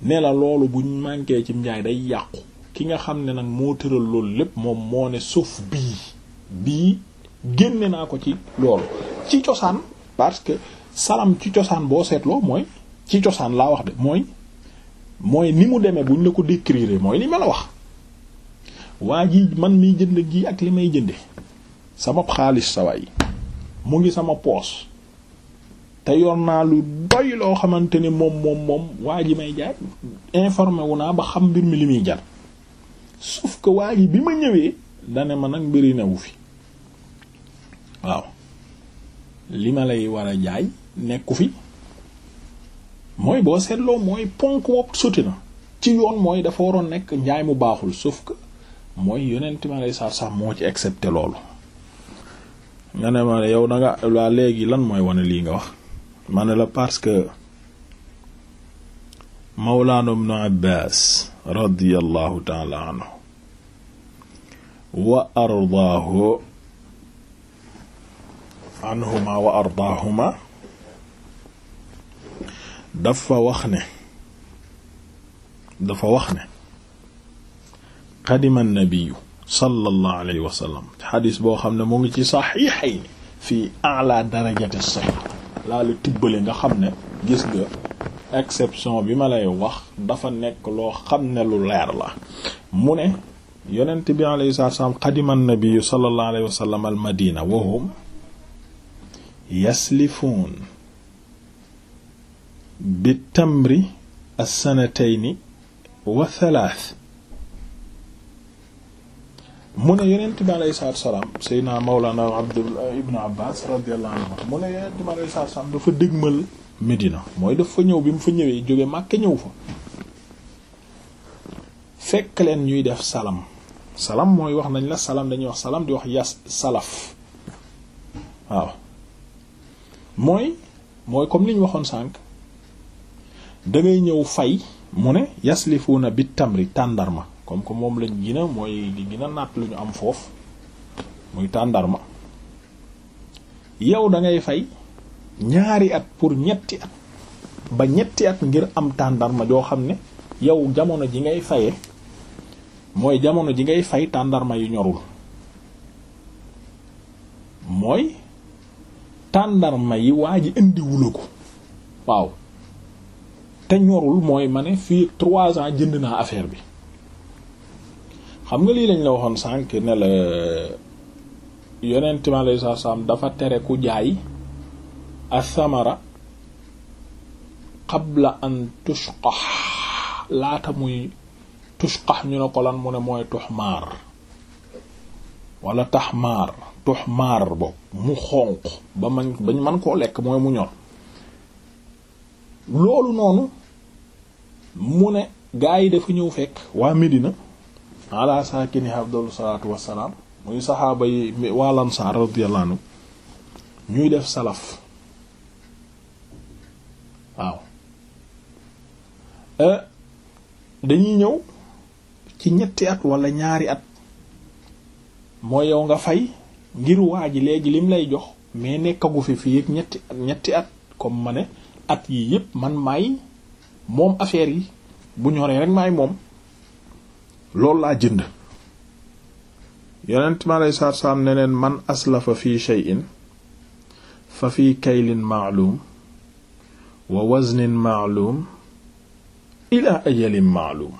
ne la loolu buñ manqué ci njaay day yàqu ki nga xam ne nag moo tëral loolu lépp moom moo ne suuf bii bii génne naa ko ci loolu ci cosaan parce que salam ci cosaan boo seetloo mooy ci cosaan laa wax de mooy mooy ni mu demee buñ la ko décrire mooy li ma la wax waa ji man mi jënd gi ak li may jënde sama xaalis sawaay mu ngi sama poos te yor naa lu doy loo xamante ni moom moom moom waa ji may jaay informé wu naa ba xam mbir mi li muy jar suuf ko waa ji bi ma ñëwee dane ma nag mbiri newu fi waaw li ma lay war a jaay nekku fi mooy boo seetloo mooy ponk wopp sotti na ci yoon mooy dafa waroon nekk njaay mu baaxul suuf que mooy yonent ma lay sar sax moo ci accepté loolu nga ne ma ne yow da laa léegi lan mooy wane lii nga wax ma ne la parce que mawlaana ibnu Abbaas radiyallahu taala anhu wa ardaahu anhuma wa ardaahuma dafa wax ne dafa wax ne qadima nabiyu sallallahu alayhi wa sallam xadis boo xam ne mu ngi ci saxiixayni fii a'la darajati sahih laa la tibbale nga xam ne gis nga exception bi ma lay wax dafa nekk loo xam ne lu leer la mu ne yonent bi alayhi salaam qadima an-nabi sallallahu alayhi wa sallam al hum yaslifuun bi tamri as-sanatayni wa thalath mu ne yonent bi alayhi salaatu salaam Seydina Mawlana Abdullah eh, ibn Abbas radiyallahu anhu mu ne yonent bi alayhi salaam dafa dëgmal Medina mooy dafa ñëw bi mu fa ñëwee jóge Màkka ñëw fa fekk leen ñuy def salam salam mooy wax nañ la salam dañuy wax salam di wax yas salaf waaw mooy mooy comme li ñu waxoon sànk dangay ñëw fay mu ne yaslifuuna bit tamri tàndarma comme que moom lañ gina mooy di gën naat lu ñu am foofu muy tàndarma yow dangay fay ñaari at pour ñetti at ba ñetti at ngir am tàndarma joo xam ne yow jamono ji ngay faye mooy jamono ji ngay fay tàndarma yu ñorul mooy tàndarma yi waa indiwula ko waaw te ñorul mooy ma ne fii trois ans jënd naa affaire bi xam nga lii lañ la waxoon sànq ne la yonent mi alayhi salaam dafa tere ku jaay athamara qabla an tushqah laata muy tushqah ñu ne ko lan mu ne mooy tuxmaar wala taxmaar tuxmaar bo mu xonq ba man bañ koo lekk mooy mu ñor loolu noonu mu ne gaa yi dafa ñëw fekk waa Medina ala saakini afdalu salaatu wassalaam muy saxaaba yi waa lansaar radiyallahu anhu ñuy def salaf waaw eh, dañuy ñëw ci ñetti at wala ñaari at mooy yow nga fay ngir waa ji léegi lim lay jox mais nekkagu fi fii ak ñetti at ñetti at comme ma ne at yi yépp man maay moom affaire yi bu ñoree rek maay moom loolu laa jënd yonent mi aleyhi ne leen man aslafa fi shay'in fa fi kaylin ma'lum wa waznin ma'lum ila ajalin ma'lum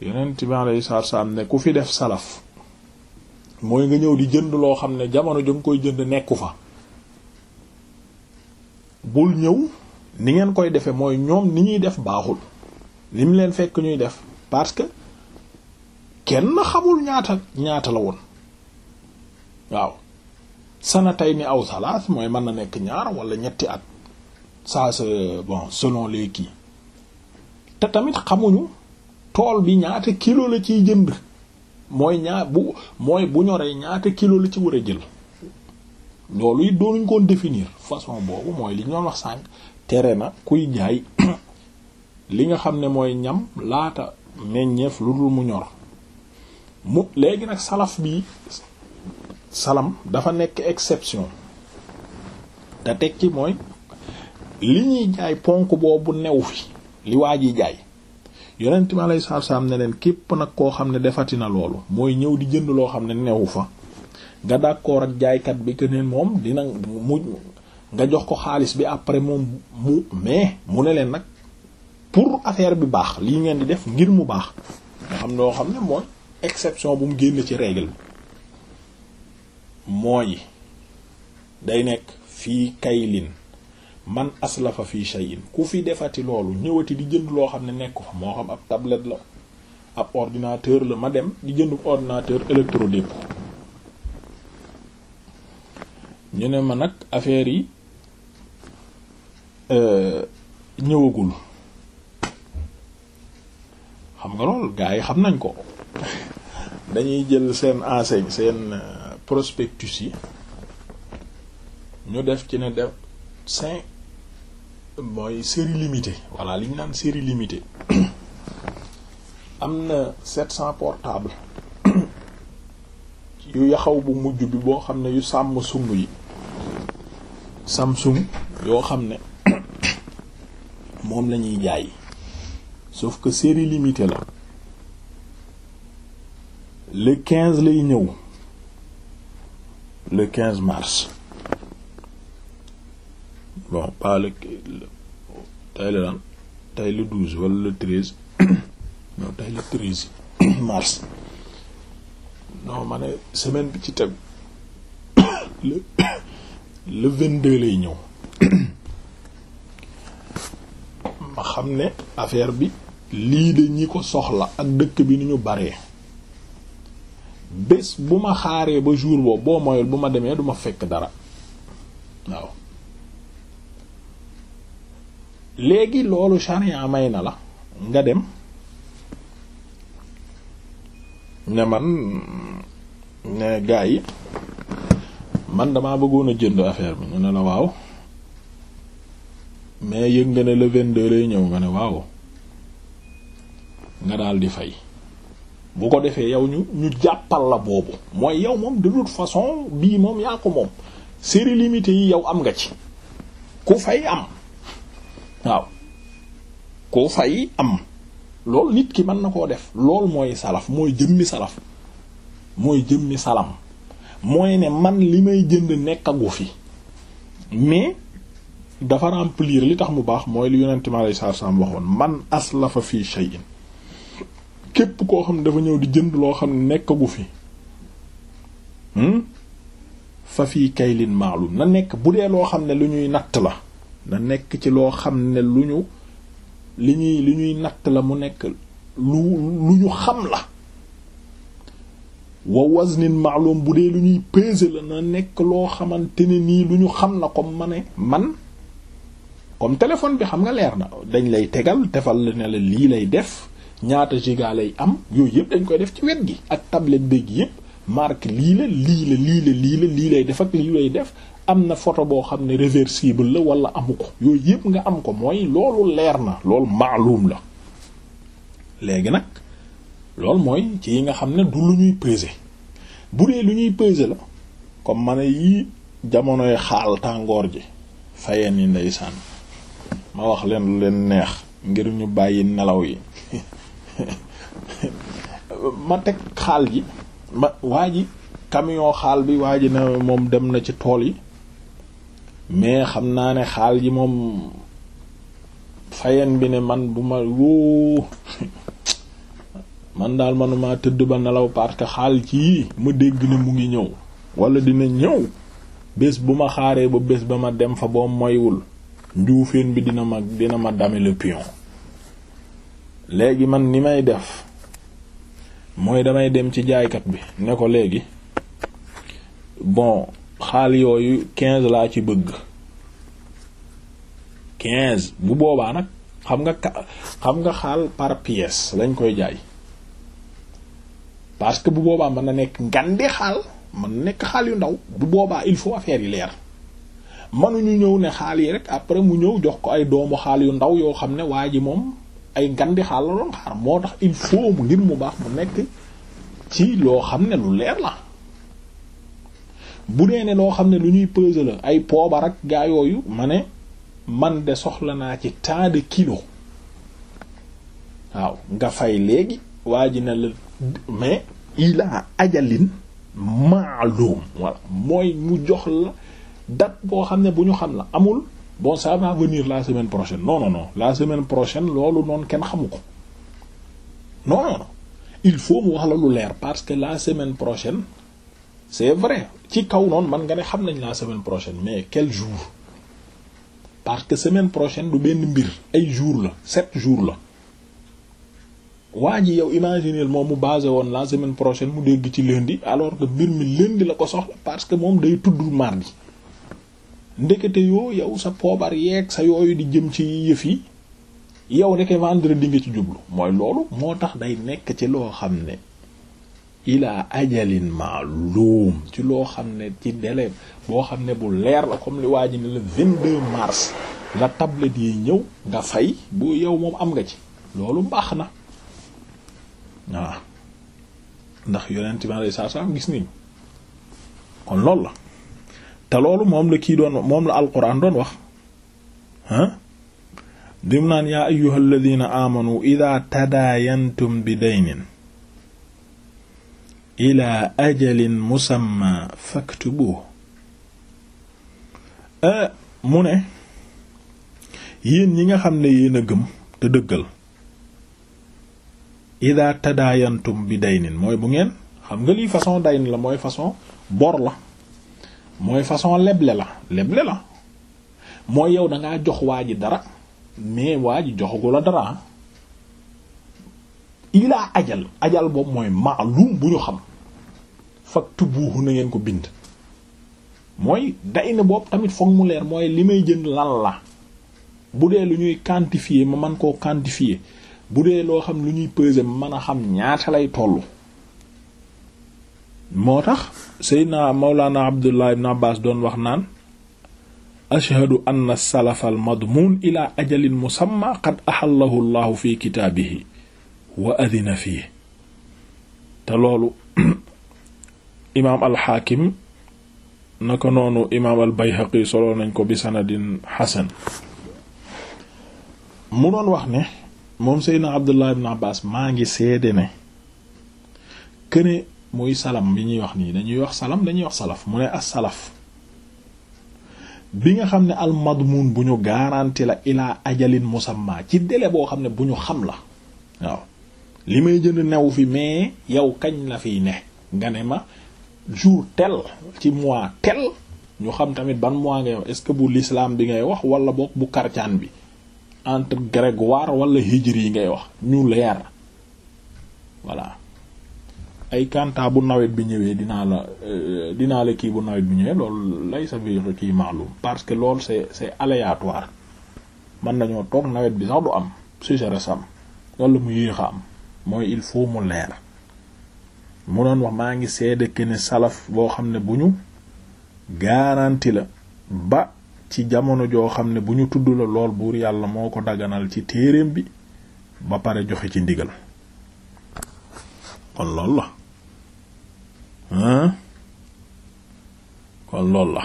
yonent mi aleyhi ne ku fi def salaf mooy nga ñëw di jënd loo xam ne jamono jëm koy jënd nekku fa bul ñëw ni ngeen koy defe mooy ñoom ni ñuy def baaxul li mu leen fekk ñuy def kenn xamul ñaata ñaata la woon waaw sanatayni aw salaas mooy mën na nekk ñaar wala ñetti at ça c'est bon selon les kii te tamit xamuñu tool bi ñaata kilo la ciy jënd mooy ñaa bu mooy bu ñoree ñaata kilo la ci war a jël loolu it doonuñ koon définir façon boobu mooy li ñu doon wax sànq tere na kuy jaay (coughs) li nga xam ne mooy ñam laata meññeef lu dul mu ñor mu léegi nag salaf bi salam dafa nekk exception te tekki mooy li ñuy jaay ponk boobu new fi li waa ji jaay yonent mi alayhi salaatu salaam ne leen képp nag koo xam ne defati na loolu mooy ñëw di jënd loo xam ne newu fa nga d'accord ak jaaykat bi que ne moom dina mu nga jox ko xaalis bi après moom mu mais mu ne leen nag pour affaire bi baax lii ngeen di def ngir mu baax nga xam loo xam ne mooy. exception bu mu génn ci règle mooy day nekk fii kaylin man aslafa fii shay'in ku fi defati loolu ñëwati di jënd loo xam ne nekk fa moo xam ab tablet la ab ordinateur la ma dem di jënd ordinateur électrodépôt ñu ne ma nag affaire yi euh, ñëwagul xam nga lool gaa yi xam nañ ko (laughs) dañuy jël seen enseigne seen euh, prospectus yi ñu def ci ne def cinq mooy série limitée voilà li naan série limitée (clears throat) am na sept cent portable (clears throat) yu yaxaw bu mujj bi boo xam ne yu sàmm sumb yi Samsung yoo xam ne (clears throat) moom lañuy jaay sauf que série limitée la le quinze lay ñëw le quinze mars bon pas le tey la lan tey le 12 wala le 13 (coughs) non tey le 13 (coughs) mars non ma semaine bi ci tegu (coughs) le le 22 lay ñëw ma xam ne affaire bi lii de ñi ko soxla ak dëkk bi ni ñu baree. bés bu ma xaaree ba jour boobu boo moyul bu ma demee duma fekk dara waaw léegi loolu charia may na la nga dem ne man ne gaa yi man damaa bëggoon a jënd affaire bi ñu ne la waaw mais yëg nga ne le 22 lay ñëw nga ne waaw nga daal di fay bu ko defee yow ñu ñu jàppal la boobu mooy yow moom de toute façon bii moom yaa ko moom série limitée yi yow am nga ci ku fay am waaw ku fay am lool nit ki mën na koo def loolu mooy salaf mooy jëmmi salaf mooy jëmmi salam mooy ne man li may jënd nekkagu fi mais dafa remplir li tax mu baax mooy li yonente mi alayhi salaam waxoon man aslafa fii shay'in képp koo xam ne dafa ñëw di jënd loo xam ne nekkagu fi hmm? fa fii kaylin na nekk bu dee loo xam ne lu ñuy natt la na nekk ci loo xam ne lu ñu li ñuy li ñuy natt la mu nekk lu lu ñu xam la wa waznin maalum bu dee lu ñuy peser la na nekk loo xamante ne nii lu ñu xam na ko ma ne man kom téléphone bi xam nga leer na dañ lay tegal defal la ne la lii lay def ñaata giga yi am yooyu yëpp dañ koy def ci wet gi ak tablette beeg yëpp marque lii la lii la lii la lii lii lay def ak lii lay def am na photo boo xam ne réversible la walla amu ko yooyu yëpp nga am ko mooy loolu leer na loolu maalum la léegi nag loolu mooy ci yi nga xam ne du lu ñuy peser bu lu ñuy peser la comme ma ne yii jamonoy xaal tàngoor ji fayeen yi ndeysaan ma wax leen lu leen neex ngir ñu bàyyi nelaw yi (laughs) (laughs) ma teg xaal ji ma waa ji camion xaal bi waa ji na moom dem na ci tool yi mais xam naa ne xaal ji moom fayen bi ne man bu ma wóo man daal manuma tëdd ba nelaw parce xaal ci ma dégg ne mu ngi ñëw wala dina ñëw bés bu ma xaaree ba bés ba ma dem fa boo moywul njuufeen bi dina ma dina ma dame le pion léegi man ni may def mooy damay dem ci jaaykat bi ne ko léegi bon xaal yooyu quinze laa ci bëgg quinze bu boobaa nag xam nga ka xam nga xaal par pièce lañ koy jaay parce que bu boobaa mën na nekk ngande xaal mën nekk xaal yu ndaw bu boobaa il faut affaire yi leer mënuñu ñëw ne xaal yi rek après mu ñëw jox ko ay doomu xaal yu ndaw yoo xam ne waa ji moom ay gandi la doon xaar moo tax il faut mu ngir mu baax mu nekk ci loo xam ne lu leer la bu dee ne loo xam ne lu ñuy peser la ay poobarak ak gaa yooyu ma ne man de soxla naa ci tant de kilos waaw nga fay léegi waa ji la mais ilaa ajalin maalum voilà mooy mu jox la date boo xam ne bu ñu xam la amul bon ça va venir la semaine prochaine non non la semaine prochaine loolu noonu kenn xamu ko non non il faut mu wax la lu leer parce que la semaine prochaine c'est vrai ci kaw noonu man nga ne xam nañ la semaine prochaine mais quel jour parce que semaine prochaine du benn mbir ay jour la sept jour la waa ji yow imaginer moom mu basé woon la semaine prochaine mu dégg ci lundi alors que mbir mi lundi la ko soxla parce que moom day tudd mardi ndekete yoo yow sa poobar yeeg sa yooyu di jëm ci yëf yi yow ndeke vendredi nga ci jublu mooy loolu moo tax day nekk ci loo xam ne ilaa ajalin maalum ci loo xam ne ci délai boo xam ne bu leer la comme li waa ji ne le 22 mars la tablette yi ñëw nga fay bu yow moom am nga ci loolu baax na waaw ndax yonent bi alayhi salaam gis ni kon loolu la te loolu moom la kii doon moom la alquran doon wax ah dimu naan yaa ayyuha alladina amanu ida tadaayantum bi daynin ila ajalin musamma faktubuhu eh, mu ne yéen ñi nga xam ne yéen a gëm te dëggal ida tadaayantum bi daynin mooy bu ngeen xam nga lii façon dayn la mooy façon bor la mooy façon leble la leble la mooy yow dangaa jox waa ji dara mais waa ji joxagu la dara ilaa ajal ajal boobu mooy maalum bu ñu xam faktubuhu na ngeen ko bind mooy day na boobu tamit foog mu leer mooy li may jënd lan la bu dee lu ñuy quantifier ma man koo quantifier bu dee loo xam lu ñuy peser ma mën a xam ñaata lay tollu moo tax seydna mawlana abdullah ibn abbas doon wax naan ashhadu anna salafa al ila ajalin musamma qad axallahu llahu fi kitaabihi wa adina fii te loolu (clears throat) imaam alxaakim na ko noonu imaam al bayhaqi nañ ko bi sanadin xasan mu doon wax ne moom seydna abdullah ibn abbas maa ngi seede ne muy salam bi ñuy wax nii dañuy wax salaam dañuy wax salaf mu ne as-salaf bi nga xam ne almadmun bu ñu garanti la ilaa ajalin musamma ci délai boo xam ne bu ñu xam la waaw li may jënd new fi mais yow kañ la fi ne nga ne ma jour tel ci mois tel ñu xam tamit ban mois ngay wax est-ce que bu lislaam bi ngay wax wala boog bu karcaan bi entre grégoire wala hijri yi ngay wax ñu leer voilà ay kanta bu nawet bi ñëwee dinaa la euh, dinaa la kii bu nawet bi ñëwee loolu lay sa biir kii maalum parce que loolu c'est c'est aléatoire mën nañoo toog nawet bi sax du am sécheresse am wala mu yéex am mooy il faut mu leer mu doon wax maa ngi seede que ne salaf boo xam ne bu ñu garanti la ba ci jamono joo xam ne bu ñu tudd la lool buur yàlla moo ko daganal ci téereem bi ba pare joxe ci ndigal kon loolu la kon loolu la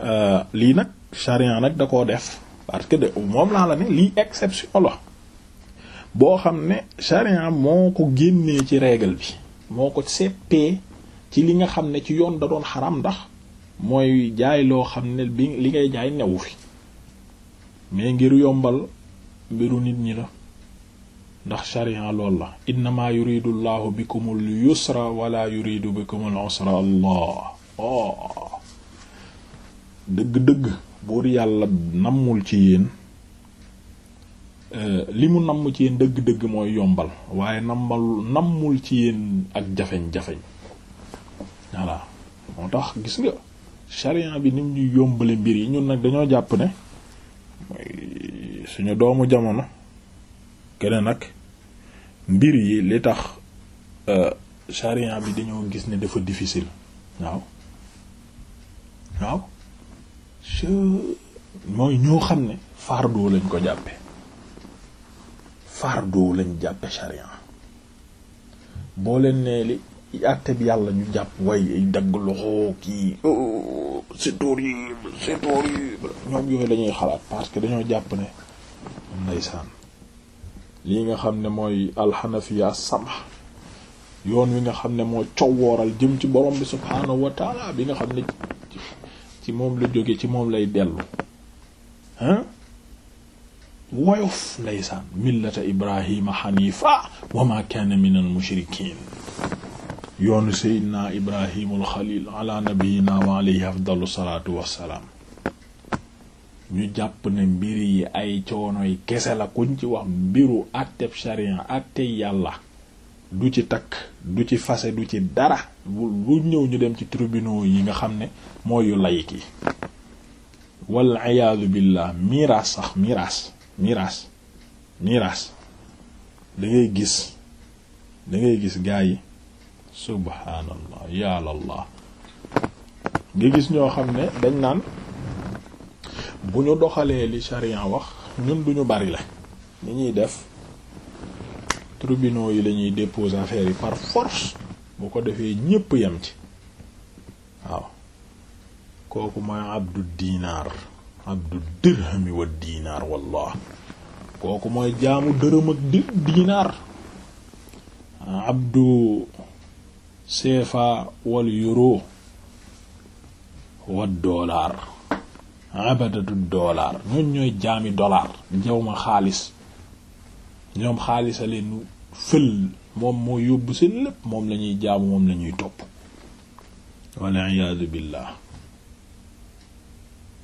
euh, lii nag charian nag da koo def parce que de moom laa la ne lii exception la boo xam ne charian moo ko génnee ci règle bi moo ko seppee ci li nga xam ne ci yoon da doon xaram ndax mooy jaay loo xam ne bi li ngay jaay newu fi mais ngir yombal mbiru nit ñi la ndax sharia lool la innama yuridu llahu bikumul yusra wala yuridu bikumul usra allah oh. dëgg-dëgg buur yàlla nammul ci yéen euh, li mu namm ci yéen dëgg-dëgg mooy yombal waaye nammal nammul ci yéen ak jafeñ-jafeñ voilà moo tax gis nga sharia bi nim ñu yombale mbir yi ñun nag dañoo jàpp ne suñu doomu jamono keneen nag mbir yi li tax charian euh, bi dañoo gis ne dafa difficile waaw waaw mooy ñoo xam ne fardu lañ ko jàppe fardu lañ jàppe charian boo leen nee li àtte bi yàlla ñu jàpp way dagg loxo kii oh, c'est horrible ñoom yooyu lañuy xalaat parce que dañoo jàpp ne ndeysaan lii nga xam ne mooy alxanafiya samh yoon wi nga xam ne moo cowooral jëm ci borom bi subhaanahu wa bi nga xam ne ci moom la jóge ci moom lay dellu hein woyof ndeysaan millata ibrahima xanifa wa ma kaana min al mushrikin yoonu seydina ibrahimul xalil ala nabiyina wa alayhi afdalu salatu wassalaam ñu jàpp ne mbir yi ay coonoy kese la kuñ ci wax mbiru àtteb sharia àttey yàlla du ci takk du ci fase du ci dara bu ñëw ñu dem ci tribunaux yi nga xam ne mooy yu layik yi wal iyaadu billah miraas sax miraas miraas miraas da gis dangay gis gaa yi subhaanallah yàlla nga gis ñoo xam ne dañ naan bu ñu doxalee li charian wax ñun duñu bari la ni ñuy def tribunaux yi lañuy ñuy déposer yi par force bu ko defee ñépp yem ci waaw kooku mooy abdu diinaar abdu dirhami wa diinaar wallah kooku mooy jaamu dërëm ak di diinaar abdu seefa wal euro wa dollar abadatu dollar ñooñ ñooy jaami dollar njaw xaalis ñoom xaalisa leen fël moom moo yóbbu seen lépp moom la ñuy jaamu moom la ñuy topp walla iyaadu billaah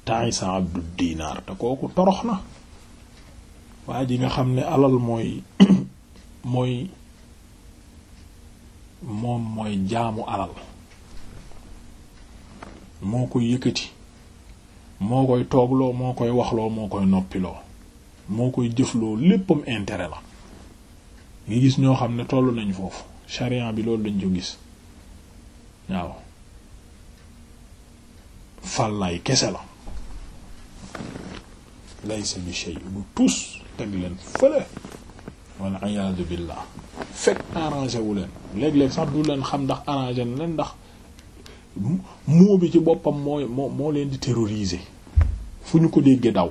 taisa abdu dinaar te kooku torox na waa ji nga xam ne alal mooy (coughs) mooy moom mooy jaamu alal moo ko yëkkati moo koy toogloo moo koy waxloo moo koy noppiloo moo koy jëfloo léppam intérêt la ngi gis ñoo xam ne toll nañ foofu charian bi loolu dañ ko gis waaw fàllaay kese la laysa bi shay du tus teg leen fële walla iyaadu billaah fekk arrangé wu leen léeg-léeg sax du leen xam ndax arrangé na leen ndax moo bi ci boppam mooy moo moo leen di terroriser fu ñu ko déggee daw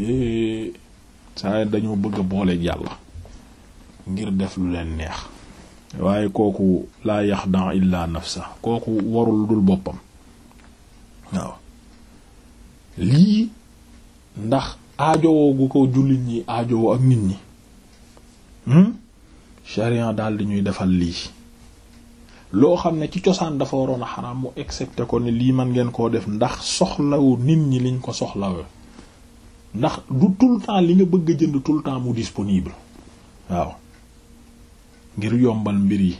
eh, saa dañoo bëgg a boole yàlla ngir def lu leen neex waaye kooku laa yax yaxda illa nafsa kooku warul dul boppam waaw lii ndax aajowoo gu ko jullit ñi aajowoo ak nit ñi charian hmm? daal di ñuy defal lii loo xam ne ci cosaan dafa waroon a xaraam mu accepté ko ne lii man ngeen koo def ndax soxlawu nit ñi liñ ko soxlawe ndax du tout temps li nga bëgg jënd tout le temps mu disponible waaw ngir yombal mbir yi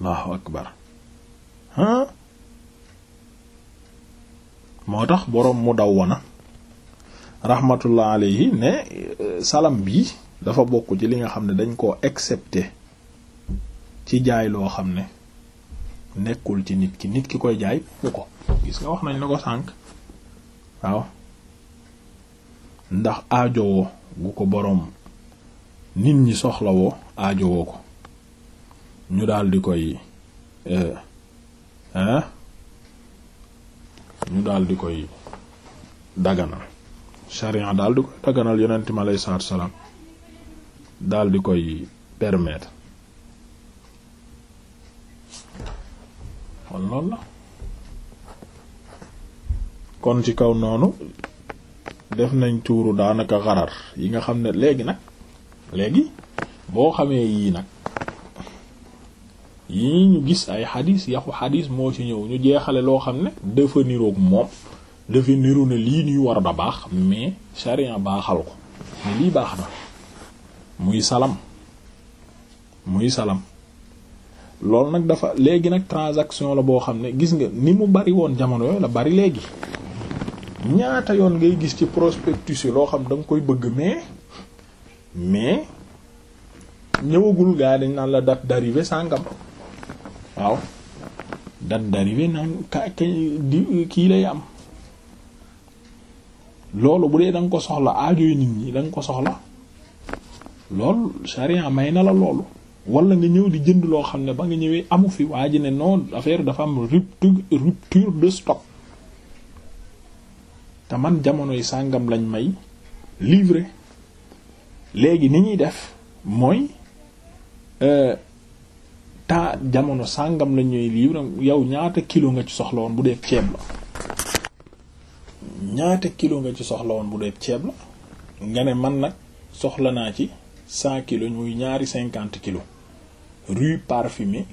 allahu akbar ah moo tax boroom mu daw wana rahmatullah alayhi ne euh, salam bi dafa bokk ci li nga xam ne dañ koo excepte ci jaay loo xam ne nekkul ci nit ki nit ki koy jaay bu ko gis nga wax nañ la ko sànk waaw ndax aajowoo gu ko boroom nit ñi soxlawoo aajowoo ko ñu daal di koy eh, hein ñu daal di koy daganal sharia daal di koy daganal yonent mi aleyhi salaatu wa salaam daal di koy permettre kon loolu la kon ci kaw noonu def nañ tuuru daanaka xarar yi nga xam ne léegi nag léegi boo xamee yii nag yi ñu gis ay xadis yaxu xadis moo ci ñëw ñu jeexale loo xam ne dafa niroog moom dafa niru ne lii nuy war da baax mais sharia baaxal ko ne lii baax na muy salam muy salam loolu nag dafa léegi nag transaction la boo xam ne gis nga ni mu bari woon jamono yooyu la bari léegi ñaata yoon ngay gis ci prospectus yi loo xam da nga koy bëgg mais mais ñëwagul gaa dañ naan la date d'arrivée sàngam waaw date d'arrivée naan ka di kii lay am loolu bu dee da ko soxla aajo nit ñi da ko soxla loolu sharia may na la loolu wala nga ñëw di jënd loo xam ne ba nga ñëwee amu fi waa ji ne non affaire dafa am rupture rupture de stock te man jamonoy sàngam lañ may livre léegi ni ñuy def mooy euh, temps jamono sàngam lañ ñuy livré yow ñaata kilo nga ci soxla woon bu dee ceeb la ñaata kilo nga ci soxla woon bu dee ceeb la nga ne man nag soxla naa ci cent kilo ñuy ñaari cinquante kilo rue parfumée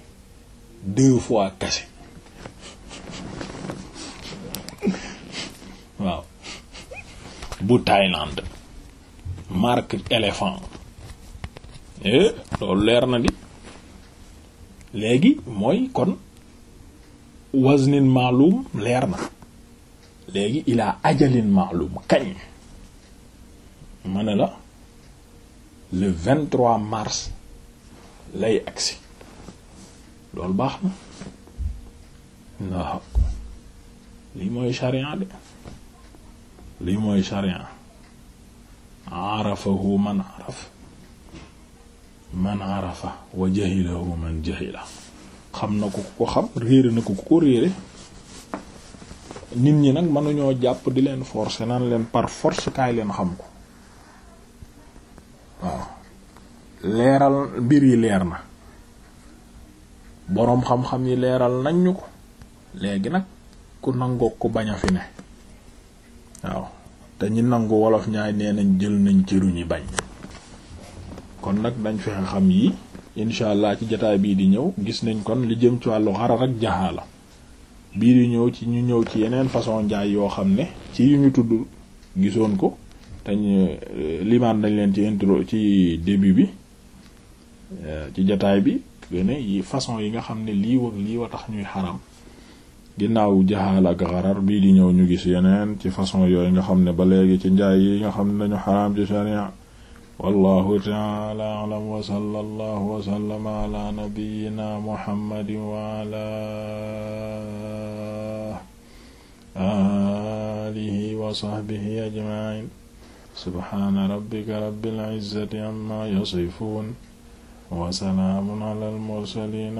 deux fois cassé waaw bu Thaïlande marque éléphant eh, loolu leer na di léegi mooy kon wasnin maalum leer na léegi il a ajalin maalum kañ ma la le 23 mars lay agsi loolu baax na waaw lii mooy charian de lii mooy charian arafahu man araf man arafa wa jahilahu man jahila xam na ko ko xam réere na ko ku ko réere nit ñi nag mënuñoo jàpp di leen forcer naan leen par force kaay leen xam ko waaw leeral mbir yi leer na boroom xam-xam yi leeral nañ ñu ko léegi nag ku nangoo ku bañ a fi ne waaw te nangu wolof ñaay nee nañ jël nañ cëru ñi bañ kon nag dañ fexe xam yi incha ci jataay bii di ñëw gis nañ kon li jëm ci wàllu xarar ak la bii di ñëw ci ñu ñëw ci yeneen façon njaay yoo xam ne ci yu ñu tudd gisoon ko dañ euh, limaan nañ leen ci intro ci début bi euh, ci jataay bi gëne yi façon yi nga xam ne lii wa lii wa tax ñuy xaram ginnaaw jaxaal ak xarar bii di ñëw ñu gis yeneen ci façon yooyu nga xam ne ba léegi ci njaay yi nga xam ne dañu xaram ci sharia wallahu taala alam wa wa ala nabiyyina wa ala alihi wa sahbihi ajma'in subxaana rabbika rabbil izzati amma yasifuun wa salaamun alal mursaliin